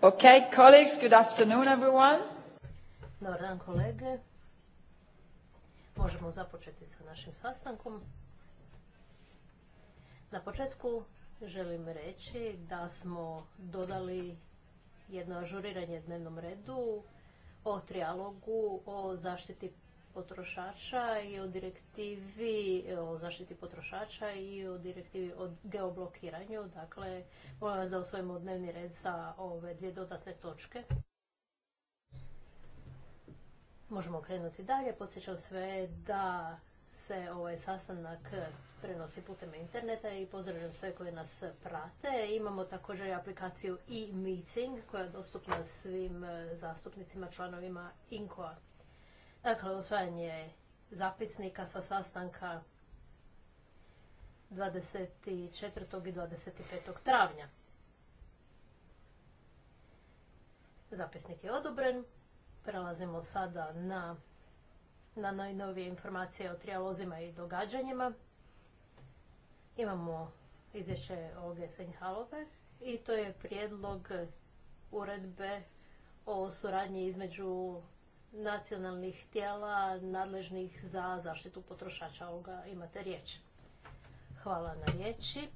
Dobar dan kolege. Možemo započeti sa našim sastankom. Na početku želim reći da smo dodali jedno ažuriranje dnevnom redu o trialogu o zaštiti potrošača i o direktivi o zaštiti potrošača i o direktivi o geoblokiranju. Dakle, molim vas da osvojimo dnevni red sa ove dvije dodatne točke. Možemo krenuti dalje. Podsjećam sve da se ovaj sastanak prenosi putem interneta i pozdravljam sve koje nas prate. Imamo također aplikaciju e-meeting koja je dostupna svim zastupnicima, članovima INKOA. Dakle, usvajanje zapisnika sa sastanka 24. i 25. travnja. Zapisnik je odobren. Prelazimo sada na, na najnovije informacije o trijalozima i događanjima. Imamo izvješće o halobe i to je prijedlog uredbe o suradnji između nacionalnih tijela nadležnih za zaštitu potrošača. Olga, imate riječ. Hvala na riječi.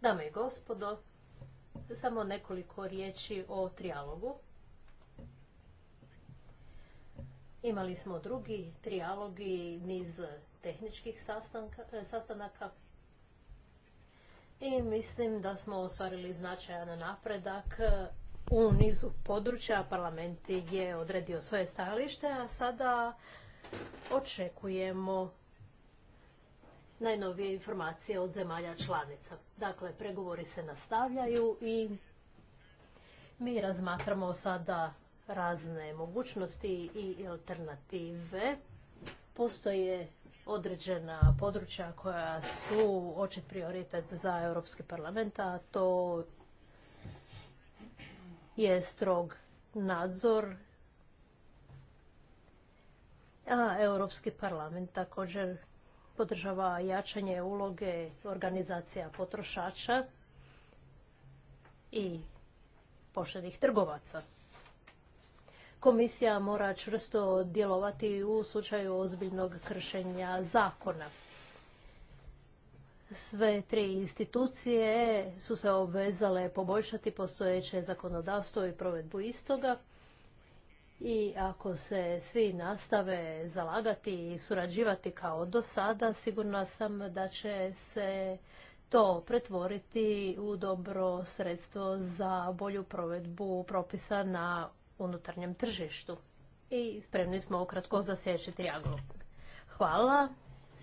Dame i gospodo, samo nekoliko riječi o trijalogu. Imali smo drugi trijalog i niz tehničkih e, sastanaka. I mislim da smo ostvarili značajan napredak u nizu područja parlament je odredio svoje stajalište, a sada očekujemo najnovije informacije od zemalja članica. Dakle, pregovori se nastavljaju i mi razmatramo sada razne mogućnosti i alternative. Postoje određena područja koja su očit prioritet za Europski parlament, a to je strog nadzor. A Europski parlament također podržava jačanje uloge organizacija potrošača i poštenih trgovaca. Komisija mora čvrsto djelovati u slučaju ozbiljnog kršenja zakona. Sve tri institucije su se obvezale poboljšati postojeće zakonodavstvo i provedbu istoga. I ako se svi nastave zalagati i surađivati kao do sada, sigurna sam da će se to pretvoriti u dobro sredstvo za bolju provedbu propisa na unutarnjem tržištu. I spremni smo ukratko za sljedeći Hvala.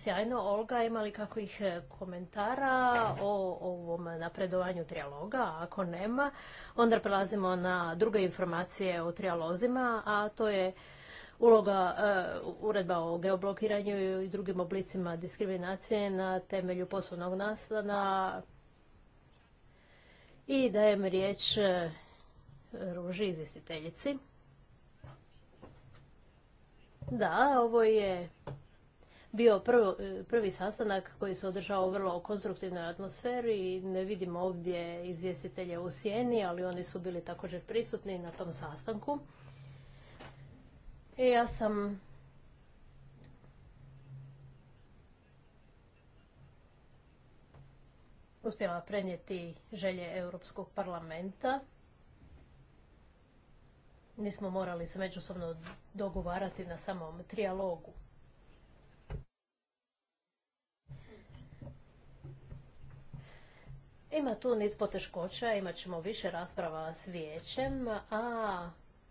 Sjajno, Olga, ima li kakvih e, komentara o ovom napredovanju trijaloga? Ako nema, onda prelazimo na druge informacije o trijalozima, a to je uloga e, uredba o geoblokiranju i drugim oblicima diskriminacije na temelju poslovnog nastana. I dajem riječ e, Ruži, izvjestiteljici. Da, ovo je bio e, prvi sastanak koji se održao u vrlo konstruktivnoj atmosferi i ne vidim ovdje izvjestitelje u sjeni, ali oni su bili također prisutni na tom sastanku. I e, ja sam uspjela prenijeti želje Europskog parlamenta. Nismo morali se međusobno dogovarati na samom trijalogu. Ima tu niz poteškoća, imat ćemo više rasprava s vijećem, a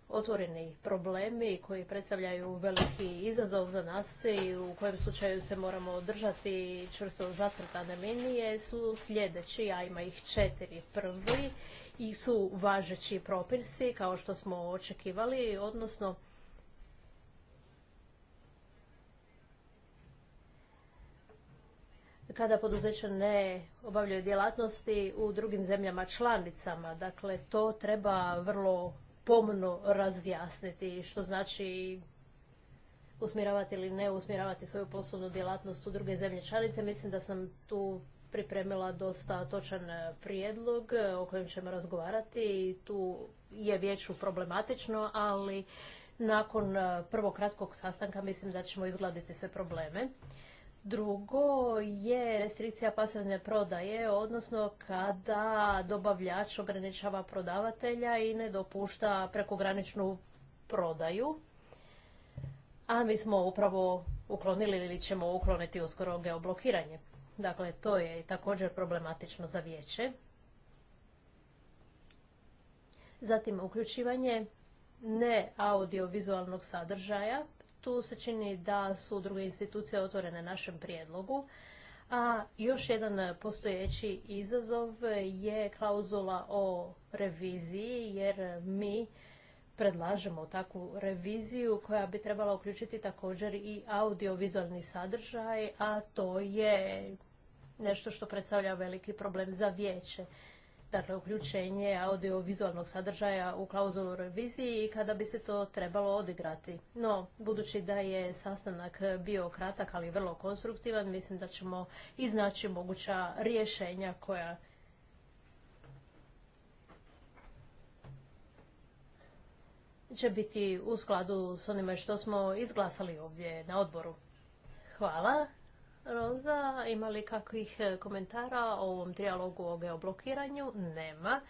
otvoreni problemi koji predstavljaju veliki izazov za nas i u kojem slučaju se moramo držati čvrsto zacrtane linije su sljedeći, a ima ih četiri prvi i su važeći propisi kao što smo očekivali, odnosno kada poduzeća ne obavljaju djelatnosti u drugim zemljama članicama. Dakle, to treba vrlo pomno razjasniti što znači usmjeravati ili ne usmjeravati svoju poslovnu djelatnost u druge zemlje članice. Mislim da sam tu pripremila dosta točan prijedlog o kojem ćemo razgovarati i tu je vječu problematično, ali nakon prvog kratkog sastanka mislim da ćemo izgladiti sve probleme. Drugo je restrikcija pasivne prodaje, odnosno kada dobavljač ograničava prodavatelja i ne dopušta prekograničnu prodaju. A mi smo upravo uklonili ili ćemo ukloniti uskoro geoblokiranje. Dakle, to je također problematično za vijeće. Zatim uključivanje ne audiovizualnog sadržaja tu se čini da su druge institucije otvorene našem prijedlogu. A još jedan postojeći izazov je klauzula o reviziji, jer mi predlažemo takvu reviziju koja bi trebala uključiti također i audiovizualni sadržaj, a to je nešto što predstavlja veliki problem za vijeće dakle uključenje audiovizualnog sadržaja u klauzulu reviziji i kada bi se to trebalo odigrati. No, budući da je sastanak bio kratak, ali vrlo konstruktivan, mislim da ćemo iznaći moguća rješenja koja će biti u skladu s onime što smo izglasali ovdje na odboru. Hvala. Roza, ima li kakvih e, komentara o ovom trijalogu o geoblokiranju? Nema.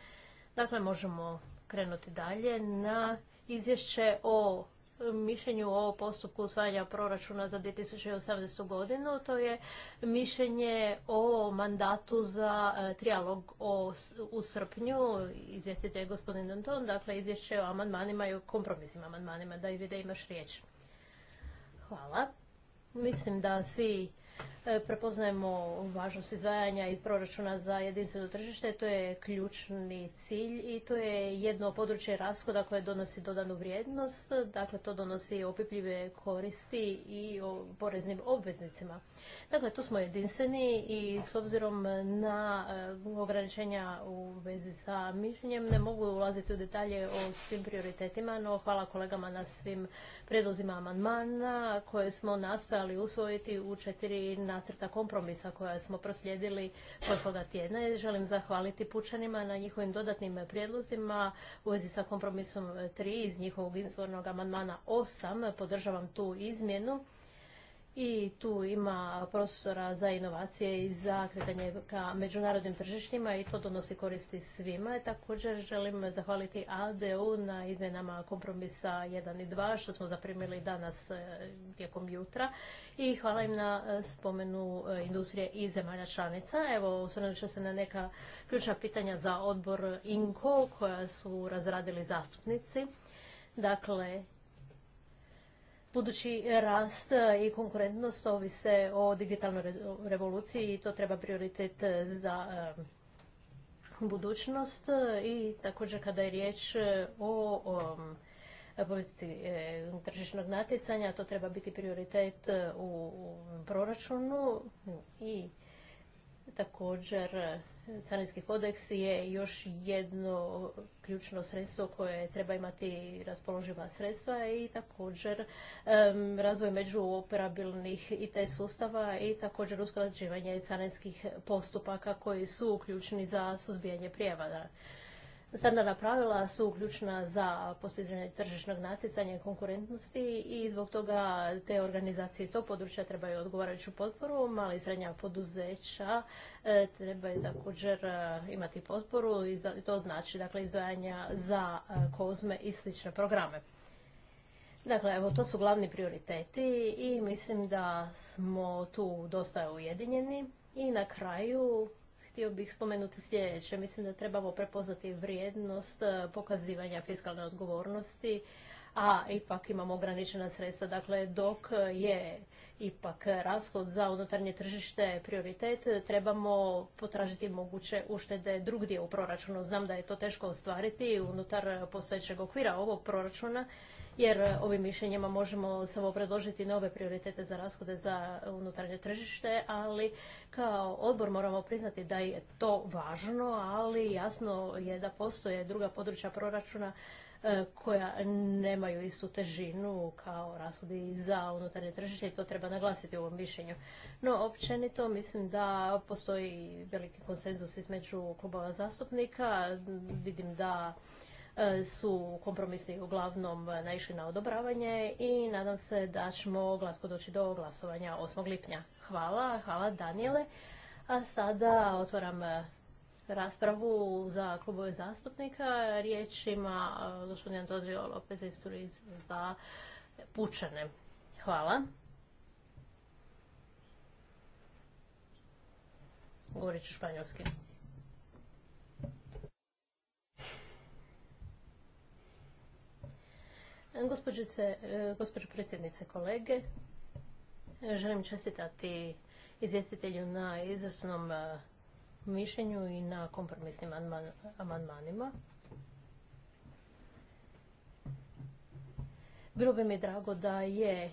Dakle, možemo krenuti dalje na izvješće o e, mišljenju o postupku usvajanja proračuna za 2018. godinu. To je mišljenje o mandatu za e, trijalog u srpnju. Izvjestitelj je gospodin Anton, dakle izvješće o amandmanima i o kompromisnim amandmanima. Da i vide imaš riječ. Hvala. Mislim da svi E, prepoznajemo važnost izdvajanja iz proračuna za jedinstveno tržište, to je ključni cilj i to je jedno područje rashoda koje donosi dodanu vrijednost, dakle to donosi opipljive koristi i poreznim obveznicima. Dakle, tu smo jedinstveni i s obzirom na e, ograničenja u vezi sa mišljenjem ne mogu ulaziti u detalje o svim prioritetima, no hvala kolegama na svim prijedlozima amandmana koje smo nastojali usvojiti u četiri nacrta kompromisa koja smo proslijedili prošloga tjedna i želim zahvaliti pučanima na njihovim dodatnim prijedlozima u vezi sa kompromisom 3 iz njihovog izvornog amandmana 8. Podržavam tu izmjenu i tu ima prostora za inovacije i za kretanje ka međunarodnim tržištima i to donosi koristi svima. Također želim zahvaliti ADU na izmjenama kompromisa 1 i 2 što smo zaprimili danas e, tijekom jutra i hvala im na e, spomenu e, industrije i zemalja članica. Evo, osvrnut ću se na neka ključna pitanja za odbor INKO koja su razradili zastupnici. Dakle, budući rast i konkurentnost ovise o digitalnoj revoluciji i to treba prioritet za um, budućnost i također kada je riječ uh, o, um, politici uh, tržišnog natjecanja, to treba biti prioritet uh, u proračunu i Također, carinski kodeks je još jedno ključno sredstvo koje treba imati raspoloživa sredstva i također um, razvoj međuoperabilnih IT sustava i također usklađivanje carinskih postupaka koji su ključni za suzbijanje prijevada. Standardna pravila su ključna za postizanje tržišnog natjecanja i konkurentnosti i zbog toga te organizacije iz tog područja trebaju odgovarajuću potporu. Mala i srednja poduzeća e, trebaju također e, imati potporu i to znači dakle, izdvajanja za e, kozme i slične programe. Dakle, evo, to su glavni prioriteti i mislim da smo tu dosta ujedinjeni. I na kraju htio bih spomenuti sljedeće. Mislim da trebamo prepoznati vrijednost e, pokazivanja fiskalne odgovornosti, a ipak imamo ograničena sredstva. Dakle, dok je ipak eh, rashod za unutarnje tržište prioritet, trebamo potražiti moguće uštede drugdje u proračunu. Znam da je to teško ostvariti unutar postojećeg okvira ovog proračuna, jer eh, ovim mišljenjima možemo samo predložiti nove prioritete za rashode za unutarnje tržište, ali kao odbor moramo priznati da je to važno, ali jasno je da postoje druga područja proračuna E, koja nemaju istu težinu kao rashodi za unutarnje tržište i to treba naglasiti u ovom mišljenju. No, općenito mislim da postoji veliki konsenzus između klubova zastupnika. Vidim da e, su kompromisni uglavnom naišli na odobravanje i nadam se da ćemo glasko doći do glasovanja 8. lipnja. Hvala, hvala Daniele. A sada otvaram raspravu za klubove zastupnika. Riječ ima e, gospodin Antonio Lopez iz za Pučane. Hvala. Govorit ću španjolski. E, gospođo predsjednice kolege, želim čestitati izvjestitelju na izvrsnom e, mišljenju i na kompromisnim amandmanima. Bilo bi mi drago da je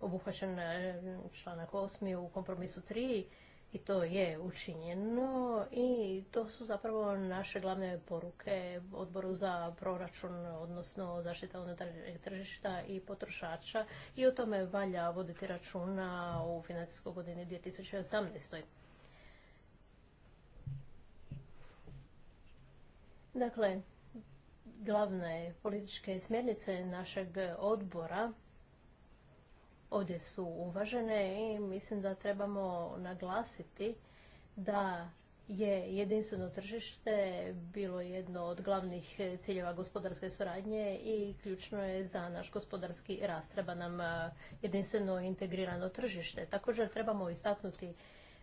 obuhvaćen e, članak 8. u kompromisu 3 i to je učinjeno i to su zapravo naše glavne poruke odboru za proračun, odnosno zaštita unutarnjeg tržišta i potrošača i o tome valja voditi računa u financijskoj godini 2018. Dakle, glavne političke smjernice našeg odbora ovdje su uvažene i mislim da trebamo naglasiti da je jedinstveno tržište bilo jedno od glavnih ciljeva gospodarske suradnje i ključno je za naš gospodarski rast. Treba nam e, jedinstveno integrirano tržište. Također trebamo istaknuti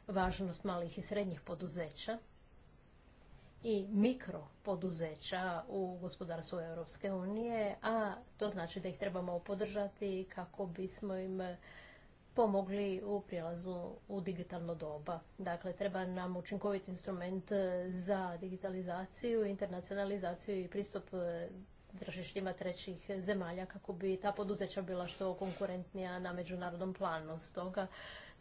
važnost malih i srednjih poduzeća i mikro poduzeća u gospodarstvu Europske unije, a to znači da ih trebamo podržati kako bismo im pomogli u prijelazu u digitalno doba. Dakle, treba nam učinkovit instrument za digitalizaciju, internacionalizaciju i pristup e, tržištima trećih zemalja kako bi ta poduzeća bila što konkurentnija na međunarodnom planu. Stoga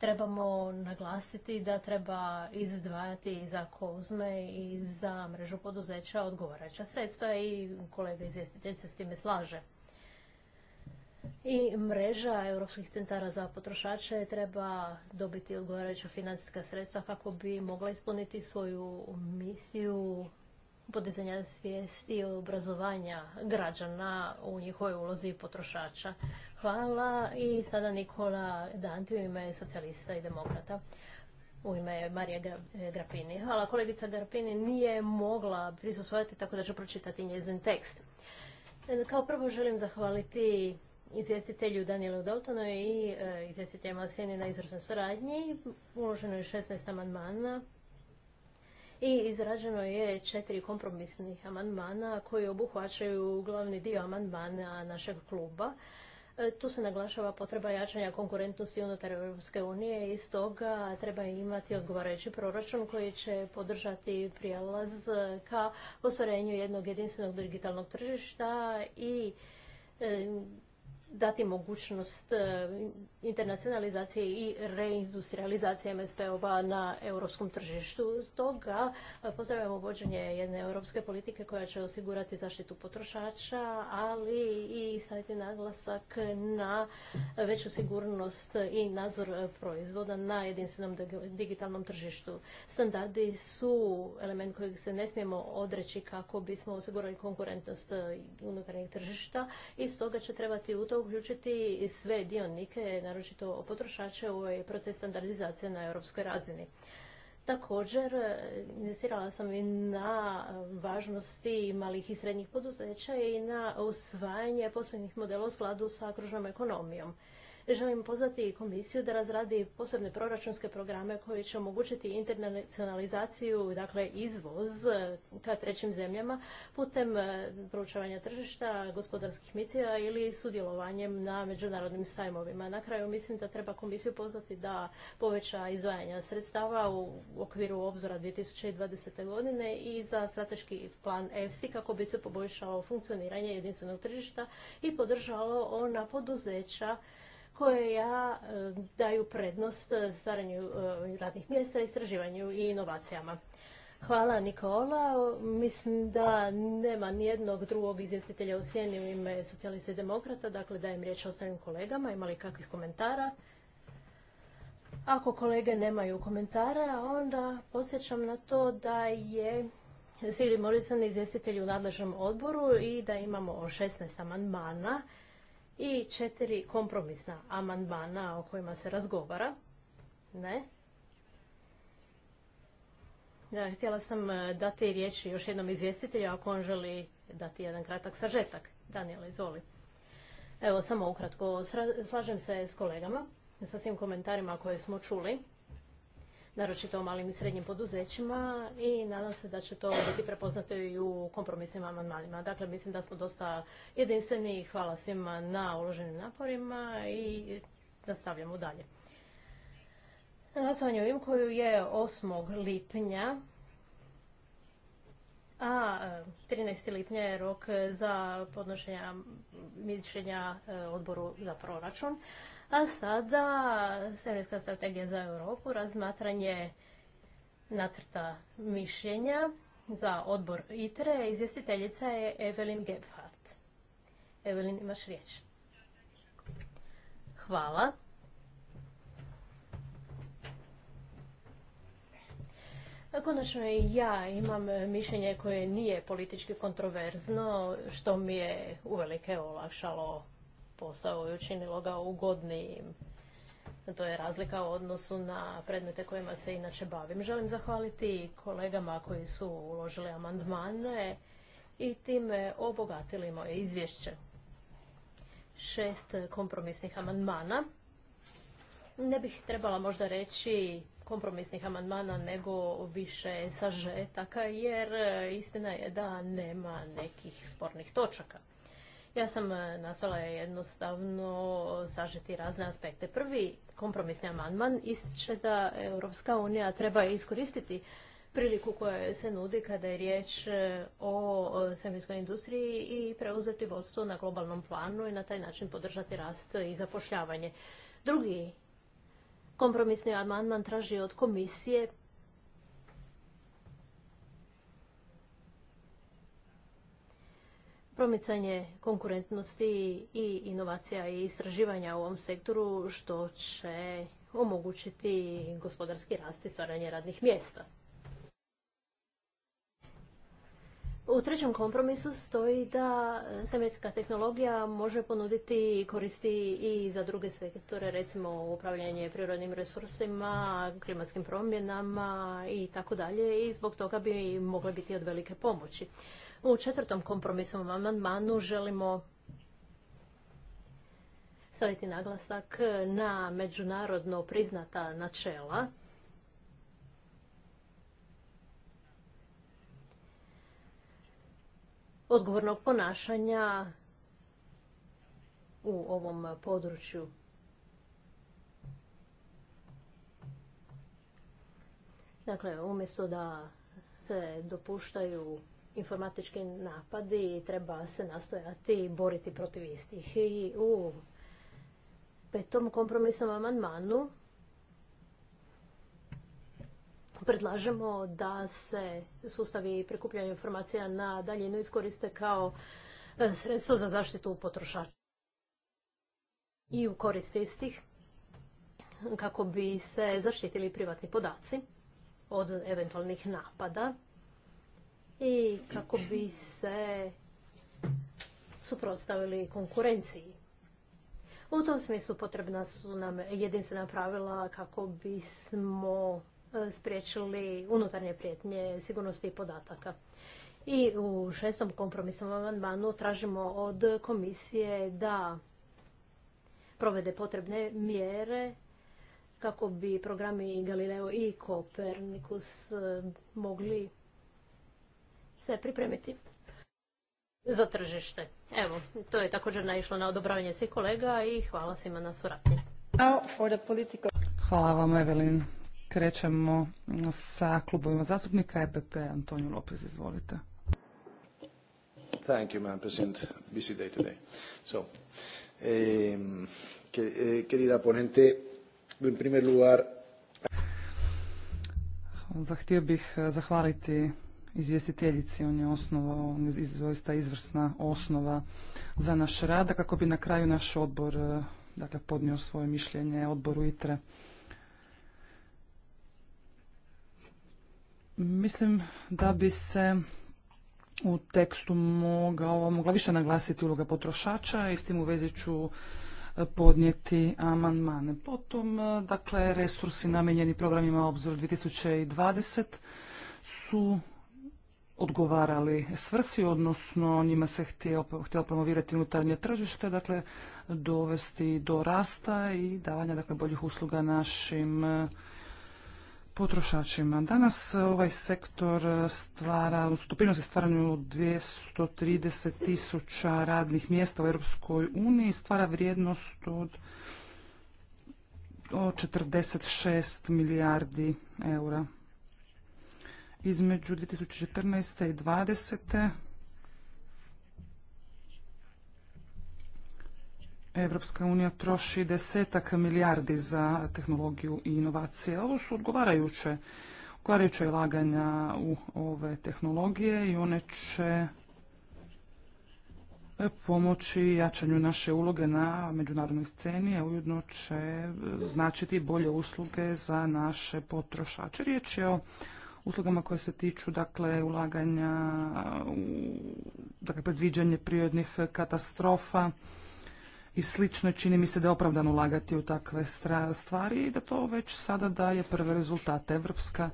trebamo naglasiti da treba izdvajati za kozme i za mrežu poduzeća odgovarajuća sredstva i kolega izvjestitelj se s time slaže. I mreža europskih centara za potrošače treba dobiti odgovarajuća financijska sredstva kako bi mogla ispuniti svoju misiju podizanja svijesti obrazovanja građana u njihovoj ulozi potrošača. Hvala i sada Nikola Danti u ime socijalista i demokrata u ime Marije Grapini. Hvala, kolegica Grapini nije mogla prisustvovati, tako da ću pročitati njezin tekst. Kao prvo želim zahvaliti izvjestitelju Danielu Daltonu i e, izvjestiteljima Sjenina na suradnji. Uloženo je 16 amandmana i izrađeno je četiri kompromisnih amandmana koji obuhvaćaju glavni dio amandmana našeg kluba. E, tu se naglašava potreba jačanja konkurentnosti unutar Europske unije i stoga treba imati odgovarajući proračun koji će podržati prijelaz ka ostvarenju jednog jedinstvenog digitalnog tržišta i e, dati mogućnost e, internacionalizacije i reindustrializacije MSP-ova na europskom tržištu. Stoga e, pozdravljamo vođenje jedne europske politike koja će osigurati zaštitu potrošača, ali i staviti naglasak na veću sigurnost i nadzor proizvoda na jedinstvenom digitalnom tržištu. Standardi su element kojeg se ne smijemo odreći kako bismo osigurali konkurentnost e, unutarnjeg tržišta i stoga će trebati u to uključiti sve dionike, naročito potrošače, u ovaj proces standardizacije na europskoj razini. Također, inicirala sam i na važnosti malih i srednjih poduzeća i na usvajanje poslovnih modela u skladu sa okružnom ekonomijom želim pozvati komisiju da razradi posebne proračunske programe koji će omogućiti internacionalizaciju, dakle izvoz e, ka trećim zemljama putem e, proučavanja tržišta, gospodarskih mitija ili sudjelovanjem na međunarodnim sajmovima. Na kraju mislim da treba komisiju pozvati da poveća izdvajanja sredstava u okviru obzora 2020. godine i za strateški plan EFSI kako bi se poboljšalo funkcioniranje jedinstvenog tržišta i podržalo ona poduzeća ja e, daju prednost e, stvaranju e, radnih mjesta, istraživanju i inovacijama. Hvala Nikola. Mislim da nema nijednog drugog izvjestitelja u sjeni u ime socijalista i demokrata, dakle dajem riječ ostalim kolegama, imali kakvih komentara. Ako kolege nemaju komentara, onda posjećam na to da je Sigrid Morrison izvjestitelj u nadležnom odboru i da imamo 16 amandmana i četiri kompromisna amandmana o kojima se razgovara. Ne. Da, htjela sam e, dati riječ još jednom izvjestitelju ako on želi dati jedan kratak sažetak. Daniela, izvoli. Evo, samo ukratko. Slažem se s kolegama sa svim komentarima koje smo čuli naročito o malim i srednjim poduzećima i nadam se da će to biti prepoznato i u kompromisnim amandmanima. Dakle, mislim da smo dosta jedinstveni i hvala svima na uloženim naporima i nastavljamo dalje. Glasovanje u Imkoju je 8. lipnja, a 13. E, lipnja je rok za podnošenja mišljenja e, odboru za proračun. A sada Serijska strategija za Europu, razmatranje nacrta mišljenja za odbor ITRE, izvjestiteljica je Evelin Gebhardt. Evelin, imaš riječ. Hvala. Konačno i ja imam mišljenje koje nije politički kontroverzno, što mi je uvelike olakšalo posao i učinilo ga ugodnijim. To je razlika u odnosu na predmete kojima se inače bavim. Želim zahvaliti kolegama koji su uložili amandmane i time obogatili moje izvješće. Šest kompromisnih amandmana. Ne bih trebala možda reći kompromisnih amandmana nego više sažetaka jer istina je da nema nekih spornih točaka. Ja sam e, nasala jednostavno sažeti razne aspekte. Prvi kompromisni amandman ističe da Europska unija treba iskoristiti priliku koja se nudi kada je riječ e, o svemirskoj industriji i preuzeti vodstvo na globalnom planu i na taj način podržati rast i zapošljavanje. Drugi kompromisni amandman traži od komisije promicanje konkurentnosti i inovacija i istraživanja u ovom sektoru što će omogućiti gospodarski rast i stvaranje radnih mjesta. U trećem kompromisu stoji da semirska tehnologija može ponuditi i koristi i za druge sektore, recimo upravljanje prirodnim resursima, klimatskim promjenama i tako dalje i zbog toga bi mogla biti od velike pomoći. U četvrtom kompromisnom amandmanu želimo staviti naglasak na međunarodno priznata načela. odgovornog ponašanja u ovom području. Dakle, umjesto da se dopuštaju informatički napadi i treba se nastojati boriti protiv istih. I u petom kompromisnom amandmanu predlažemo da se sustavi prikupljanja informacija na daljinu iskoriste kao e, sredstvo za zaštitu potrošača i u korist istih kako bi se zaštitili privatni podaci od eventualnih napada i kako bi se suprotstavili konkurenciji. U tom smislu potrebna su nam jedinstvena pravila kako bismo e, spriječili unutarnje prijetnje sigurnosti i podataka. I u šestom kompromisnom amandmanu tražimo od komisije da provede potrebne mjere kako bi programi Galileo i Kopernikus e, mogli se pripremiti za tržište. Evo, to je također naišlo na odobravanje svih kolega i hvala svima na suradnji. Hvala vam, Evelin. Krećemo sa klubovima zastupnika EPP. Antonio Lopez, izvolite. Thank you, Madam President. Busy day today. So, eh, querida ponente, primer lugar... Zahtio bih eh, zahvaliti izvjestiteljici. On je osnova, on je doista izvrsna osnova za naš rad, kako bi na kraju naš odbor e, dakle, podnio svoje mišljenje odboru ITRE. Mislim da bi se u tekstu mogao, mogla više naglasiti uloga potrošača i s tim u vezi ću e, podnijeti amandmane. Potom, e, dakle, resursi namijenjeni programima Obzor 2020 su odgovarali svrsi, odnosno njima se htjelo, promovirati unutarnje tržište, dakle dovesti do rasta i davanja dakle, boljih usluga našim e, potrošačima. Danas e, ovaj sektor stvara, se stvaranju 230 tisuća radnih mjesta u Europskoj uniji, stvara vrijednost od o 46 milijardi eura između 2014. i 2020. Evropska unija troši desetak milijardi za tehnologiju i inovacije. Ovo su odgovarajuće, odgovarajuće laganja u ove tehnologije i one će pomoći jačanju naše uloge na međunarodnoj sceni, a ujedno će značiti bolje usluge za naše potrošače. Riječ je o uslugama koje se tiču dakle ulaganja u dakle, predviđanje prirodnih katastrofa i slično. Čini mi se da je opravdano ulagati u takve stvari i da to već sada daje prve rezultate. Evropska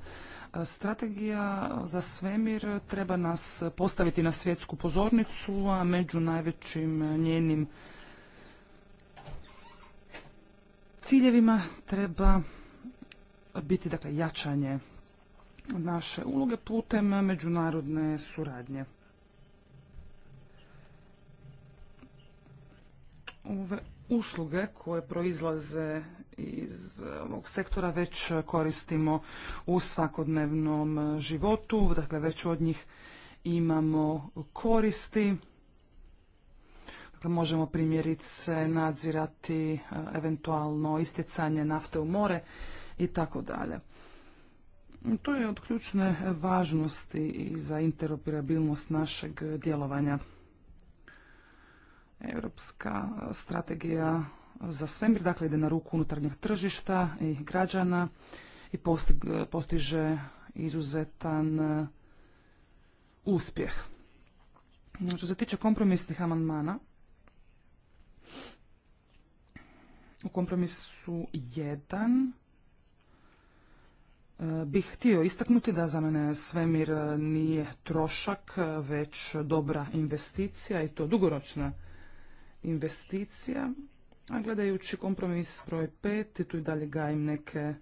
strategija za svemir treba nas postaviti na svjetsku pozornicu, a među najvećim njenim ciljevima treba biti dakle jačanje naše uloge putem međunarodne suradnje. Ove usluge koje proizlaze iz ovog sektora već koristimo u svakodnevnom životu, dakle već od njih imamo koristi. Dakle, možemo primjerice nadzirati eventualno istjecanje nafte u more i tako dalje. To je od ključne važnosti i za interoperabilnost našeg djelovanja. Europska strategija za svemir, dakle ide na ruku unutarnjeg tržišta i građana i postiže izuzetan e, uspjeh. Što se tiče kompromisnih amandmana, u kompromisu 1 bih htio istaknuti da za mene svemir nije trošak, već dobra investicija i to dugoročna investicija. A gledajući kompromis broj 5, tu i dalje gajim neke,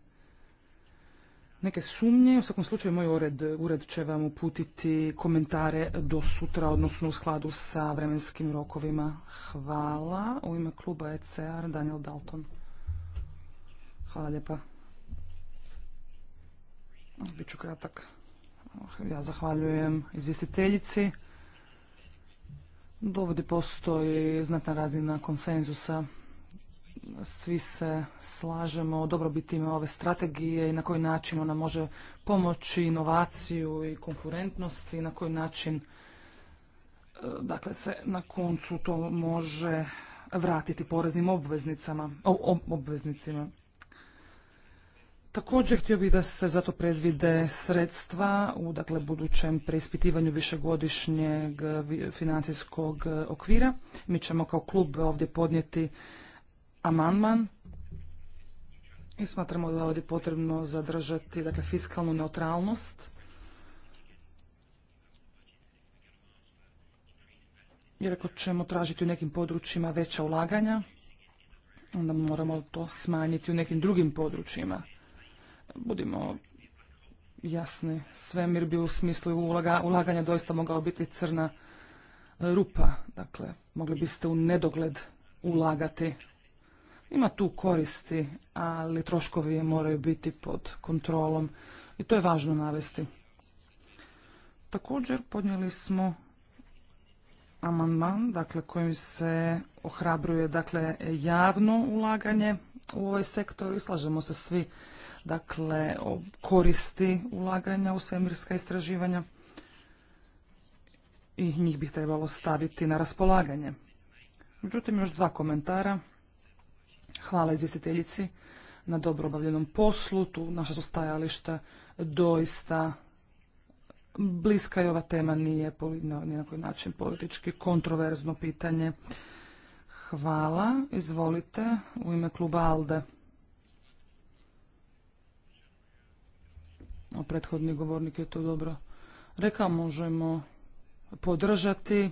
neke sumnje. U svakom slučaju, moj ured, ured će vam uputiti komentare do sutra, odnosno u skladu sa vremenskim rokovima. Hvala. U ime kluba ECR, Daniel Dalton. Hvala lijepa. Biću kratak. Ja zahvaljujem izvjestiteljici. Dovodi postoji znatna razina konsenzusa. Svi se slažemo o dobrobitima ove strategije i na koji način ona može pomoći inovaciju i konkurentnost i na koji način e, dakle se na koncu to može vratiti poreznim obveznicama, obveznicima. Također htio bih da se zato predvide sredstva u dakle, budućem preispitivanju višegodišnjeg financijskog okvira. Mi ćemo kao klub ovdje podnijeti amandman i smatramo da je ovdje potrebno zadržati dakle, fiskalnu neutralnost. Jer ako ćemo tražiti u nekim područjima veća ulaganja, onda moramo to smanjiti u nekim drugim područjima budimo jasni, svemir bi u smislu ulaga, ulaganja doista mogao biti crna rupa. Dakle, mogli biste u nedogled ulagati. Ima tu koristi, ali troškovi je moraju biti pod kontrolom i to je važno navesti. Također podnijeli smo amandman, dakle kojim se ohrabruje dakle javno ulaganje u ovaj sektor i slažemo se svi dakle koristi ulaganja u svemirska istraživanja i njih bi trebalo staviti na raspolaganje. Međutim, još dva komentara. Hvala izvjestiteljici na dobro obavljenom poslu. Tu naša su stajališta doista bliska i ova tema nije ni na koji način politički kontroverzno pitanje. Hvala. Izvolite u ime kluba ALDE. Prethodni govornik je to dobro rekao, možemo podržati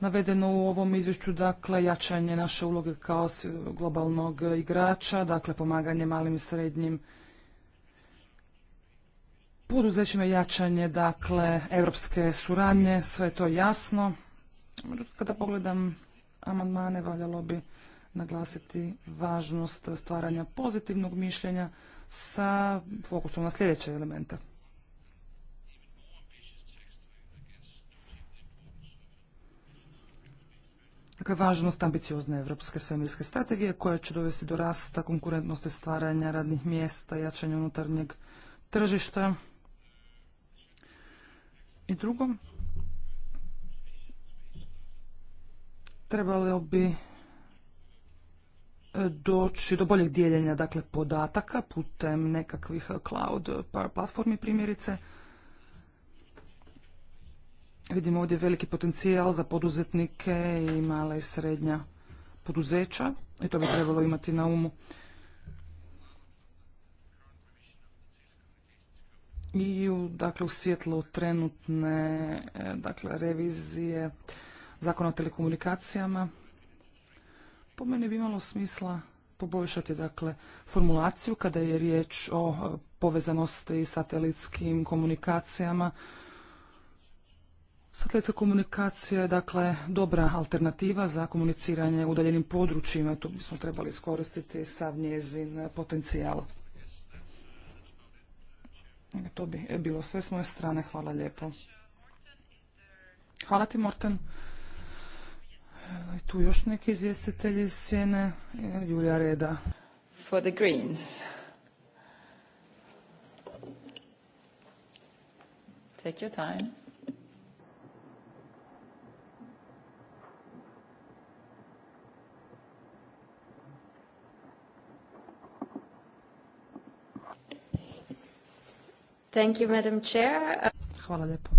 navedeno u ovom izvješću, dakle, jačanje naše uloge kao globalnog igrača, dakle, pomaganje malim i srednjim poduzećima, jačanje, dakle, evropske suradnje, sve to jasno. Kada pogledam amandmane, valjalo bi naglasiti važnost stvaranja pozitivnog mišljenja sa fokusom na sljedeće elemente. Dakle, važnost ambiciozne evropske svemirske strategije koja će dovesti do rasta konkurentnosti stvaranja radnih mjesta, jačanja unutarnjeg tržišta. I drugo, trebalo bi doći do boljeg dijeljenja dakle, podataka putem nekakvih cloud platformi primjerice. Vidimo ovdje veliki potencijal za poduzetnike i mala i srednja poduzeća i to bi trebalo imati na umu. I u, dakle, u svjetlu trenutne e, dakle, revizije zakona o telekomunikacijama po meni bi imalo smisla poboljšati dakle formulaciju kada je riječ o e, povezanosti s satelitskim komunikacijama. Satelitska komunikacija je dakle dobra alternativa za komuniciranje u udaljenim područjima. Tu bismo trebali iskoristiti sav njezin potencijal. E, to bi bilo sve s moje strane. Hvala lijepo. Hvala ti Morten. E, tu još neki izvjestitelji sjene. E, Julija Reda. For the Greens. Take your time. Thank you, Madam Chair. Hvala lijepo.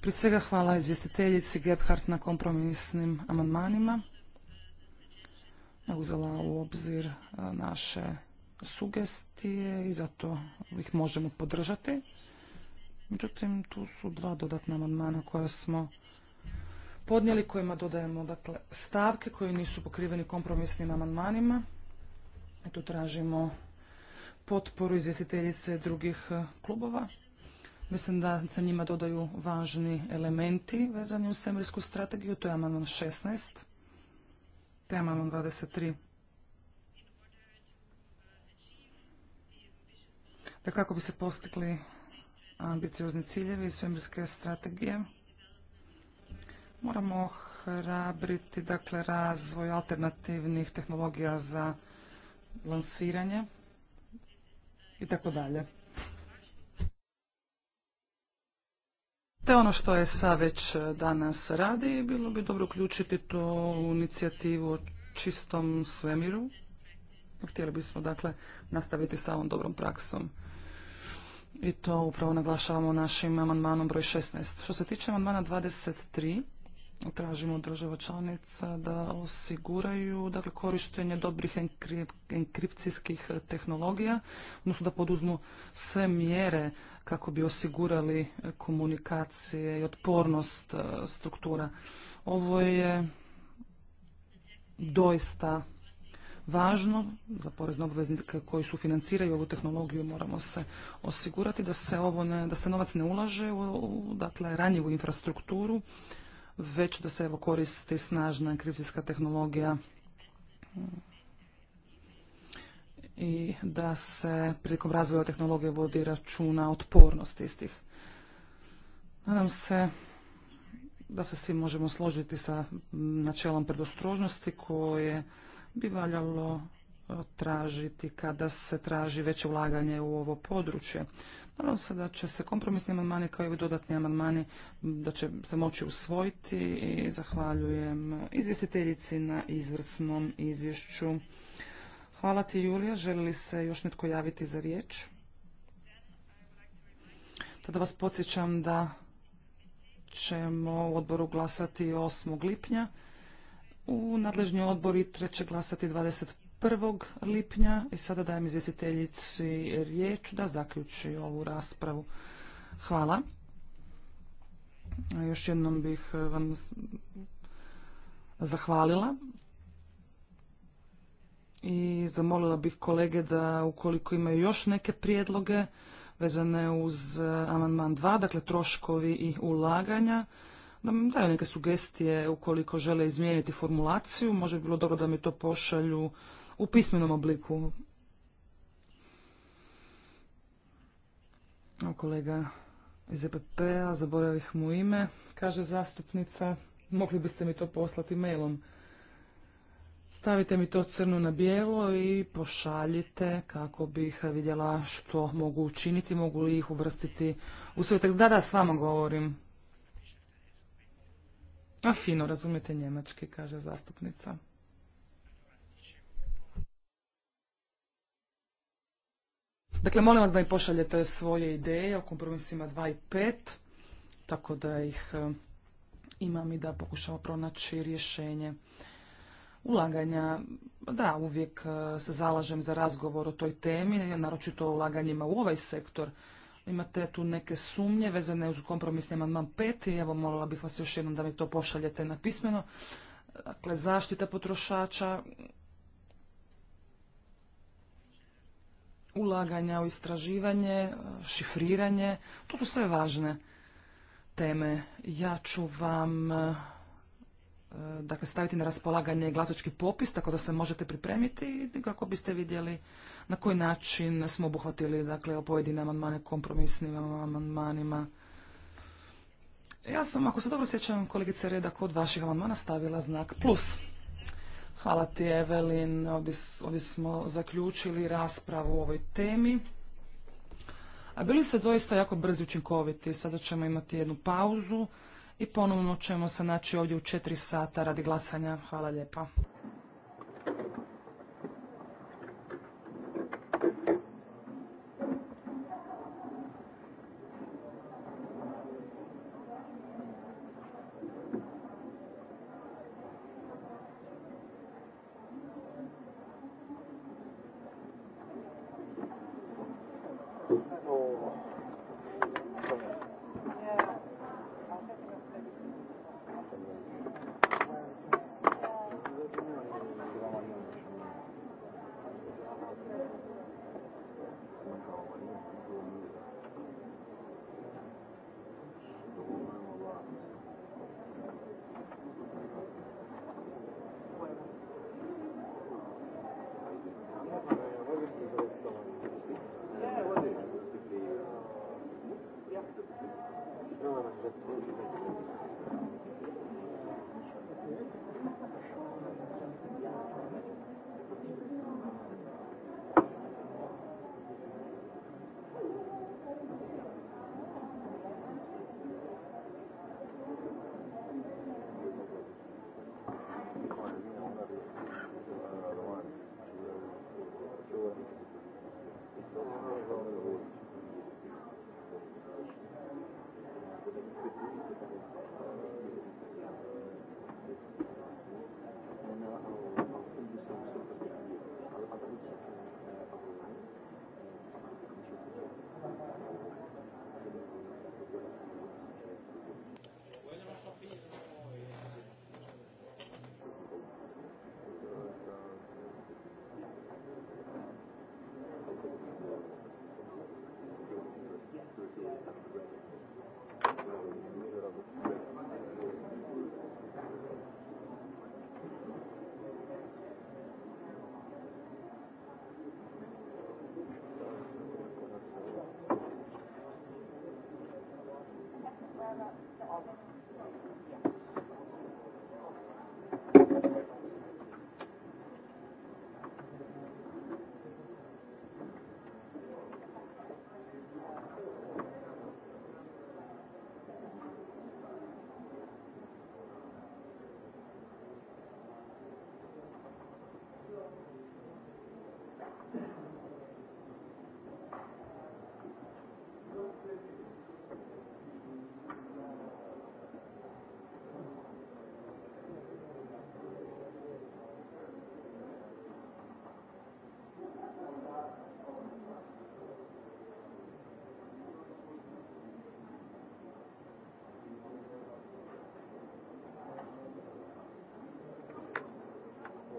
Prije svega hvala izvjestiteljici Gebhardt na kompromisnim amandmanima. Uzela u obzir e, naše sugestije i zato ih možemo podržati. Međutim, tu su dva dodatna amandmana koja smo podnijeli, kojima dodajemo dakle, stavke koje nisu pokriveni kompromisnim amandmanima. I tu tražimo potporu izvjestiteljice drugih e, klubova. Mislim da se njima dodaju važni elementi vezani u svemirsku strategiju, to je amandman 16, te amandman 23. Da kako bi se postigli ambiciozni ciljevi svemirske strategije, moramo hrabriti dakle, razvoj alternativnih tehnologija za lansiranje i tako dalje. te ono što je sa već e, danas radi, bilo bi dobro uključiti to u inicijativu o čistom svemiru. Htjeli bismo dakle nastaviti sa ovom dobrom praksom. I to upravo naglašavamo našim amandmanom broj 16. Što se tiče amandmana 23, tražimo od država članica da osiguraju dakle, korištenje dobrih enkripcijskih tehnologija, odnosno da poduzmu sve mjere kako bi osigurali komunikacije i otpornost e, struktura. Ovo je doista važno za porezne obveznike koji su financiraju ovu tehnologiju moramo se osigurati da se ovo ne, da se novac ne ulaže u, u dakle ranjivu infrastrukturu već da se evo koristi snažna enkripcijska tehnologija i da se prilikom razvoja tehnologije vodi računa otpornosti istih. Nadam se da se svi možemo složiti sa načelom predostrožnosti koje bi valjalo tražiti kada se traži veće ulaganje u ovo područje. Nadam se da će se kompromisni amandmani kao i dodatni amandmani da će se moći usvojiti i zahvaljujem izvjestiteljici na izvrsnom izvješću. Hvala ti Julija. Želi li se još netko javiti za riječ? Tada vas podsjećam da ćemo u odboru glasati 8. lipnja. U nadležnji odbor i treće glasati 25. 1. lipnja i e, sada dajem izvjestiteljici riječ da zaključi ovu raspravu. Hvala. Još jednom bih e, vam zahvalila i zamolila bih kolege da ukoliko imaju još neke prijedloge vezane uz e, amandman 2, dakle troškovi i ulaganja, da mi daju neke sugestije ukoliko žele izmijeniti formulaciju. Može bi bilo dobro da mi to pošalju u pismenom obliku. O, kolega iz EPP-a, zaboravih mu ime, kaže zastupnica, mogli biste mi to poslati mailom. Stavite mi to crno na bijelo i pošaljite kako bih vidjela što mogu učiniti, mogu li ih uvrstiti u svoj tekst. Da, da, s vama govorim. A fino, razumijete njemački, kaže zastupnica. Dakle, molim vas da mi pošaljete svoje ideje o kompromisima 2 i 5, tako da ih e, imam i da pokušamo pronaći rješenje ulaganja. Pa da, uvijek e, se zalažem za razgovor o toj temi, naročito o ulaganjima u ovaj sektor. Imate tu neke sumnje vezane uz kompromisni amandman 5 i evo molila bih vas još jednom da mi to pošaljete na pismeno. Dakle, zaštita potrošača, ulaganja u istraživanje, e, šifriranje, to su sve važne teme. Ja ću vam e, e, dakle, staviti na raspolaganje glasački popis, tako da se možete pripremiti kako biste vidjeli na koji način smo obuhvatili dakle, o pojedine amandmane kompromisnim amandmanima. Ja sam, ako se dobro sjećam, kolegice Reda, kod vaših amandmana stavila znak plus. Hvala ti Evelin, ovdje, ovdje smo zaključili raspravu o ovoj temi. A bili ste doista jako brzi učinkoviti, sada ćemo imati jednu pauzu i ponovno ćemo se naći ovdje u četiri sata radi glasanja. Hvala lijepa.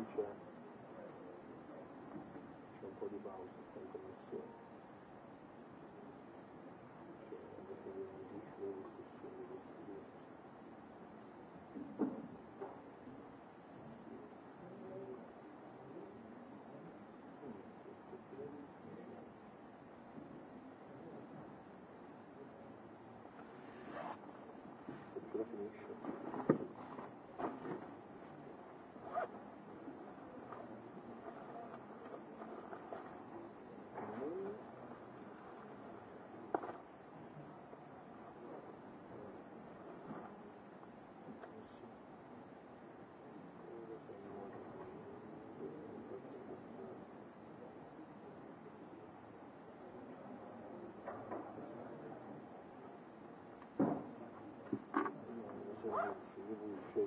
tiče c'è Thank you. Hvala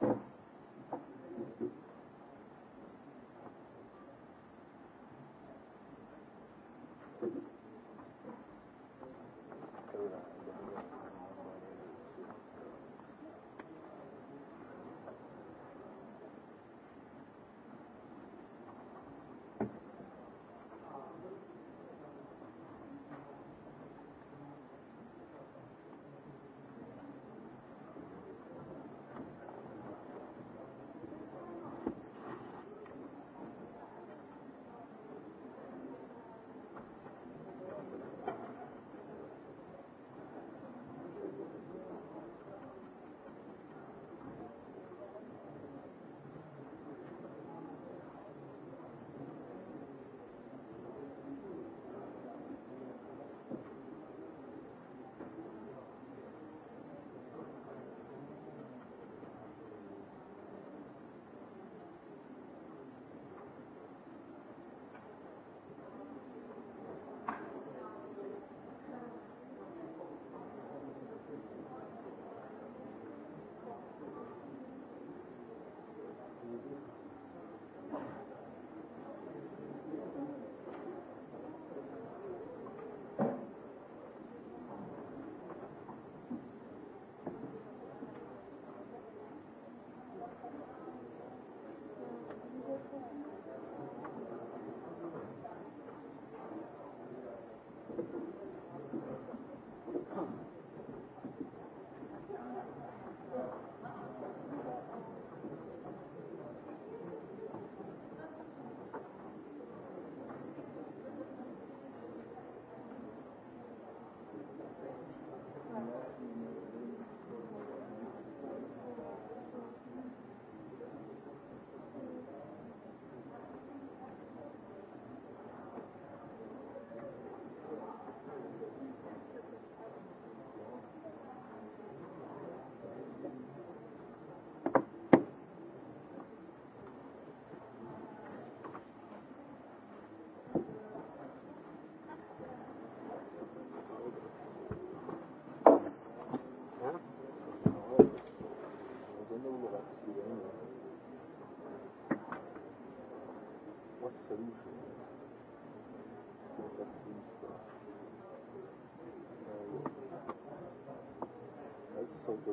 Hvala.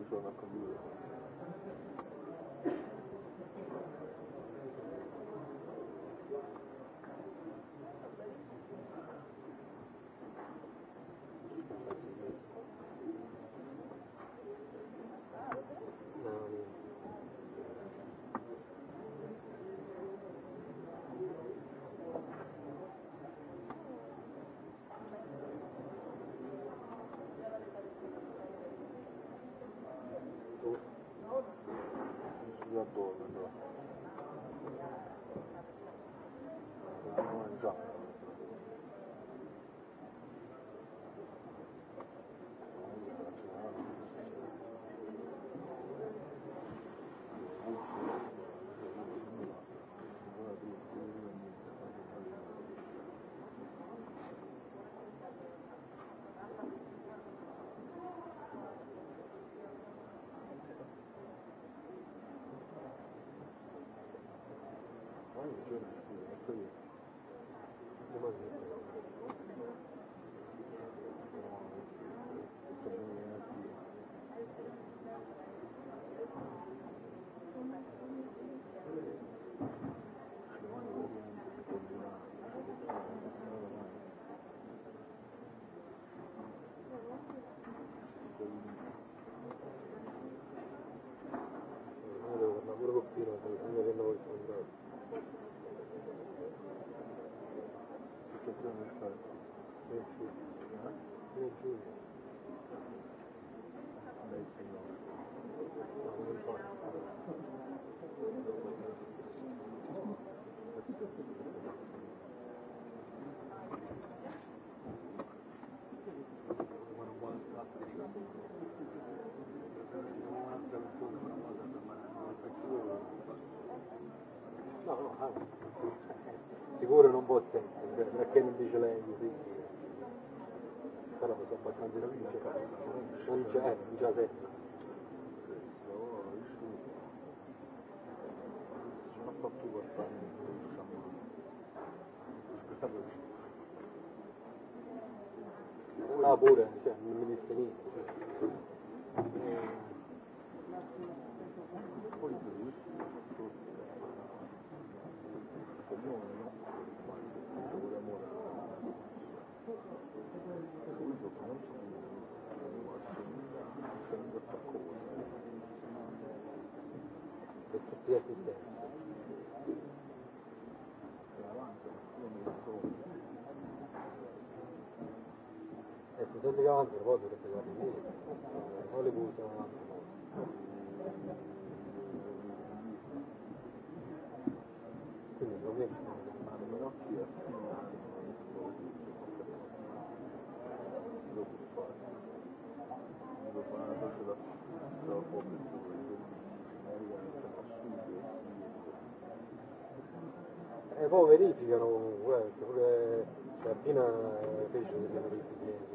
na komisija. do do do čuje. Šta Janker, vodu da Hollywood, ono, E poi verificano, guarda, pure fece delle verifiche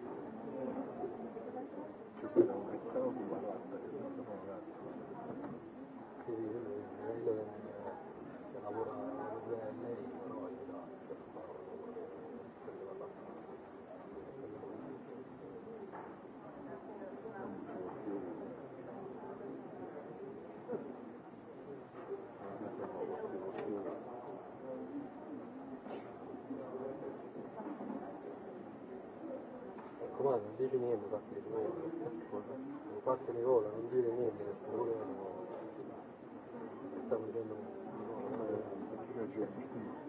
parola, non dire niente, per Stavo dicendo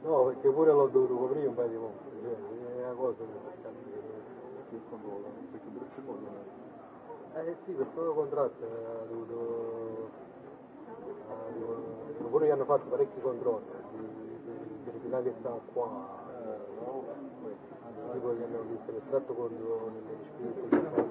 No, perché pure l'ho dovuto coprire un paio di volte, cioè, è una cosa che cazzo che il controllo, perché dovresti Eh sì, per tutto il contratto ha dovuto eh, pure che hanno fatto parecchi controlli per il che sta qua tipo che hanno visto l'estratto con nelle spese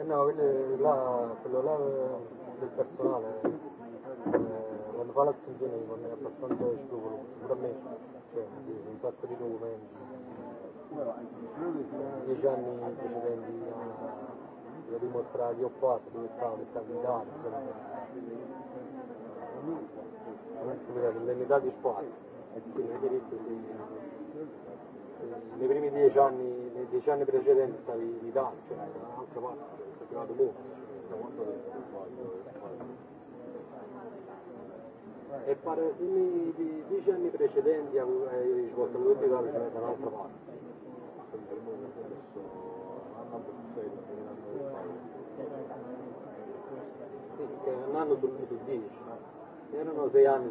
Eh no, là, quello là eh, del personale, quando eh, fa l'assunzione abbastanza scrupolo, cioè, un sacco di documenti. Dieci anni precedenti a, ho fatto, dove stavo, che stavo in di squadra, eh, nei primi dieci anni, nei dieci anni precedenti stavi cioè E pare di dieci anni precedenti eh, svolto da un'altra parte. Sì, che un anno dieci. Erano sei anni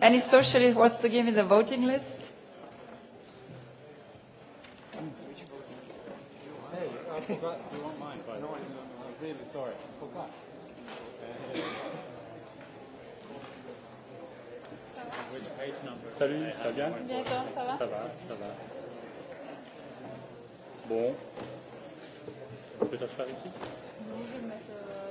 Any socialist wants to give me the voting list? ici Non, je vais mettre... Euh,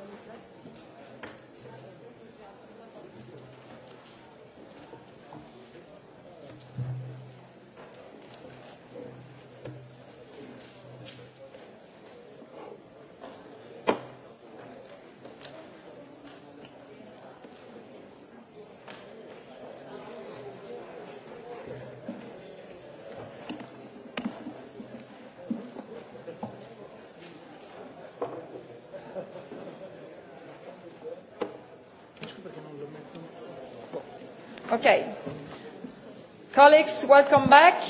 Okay. Colleagues, welcome back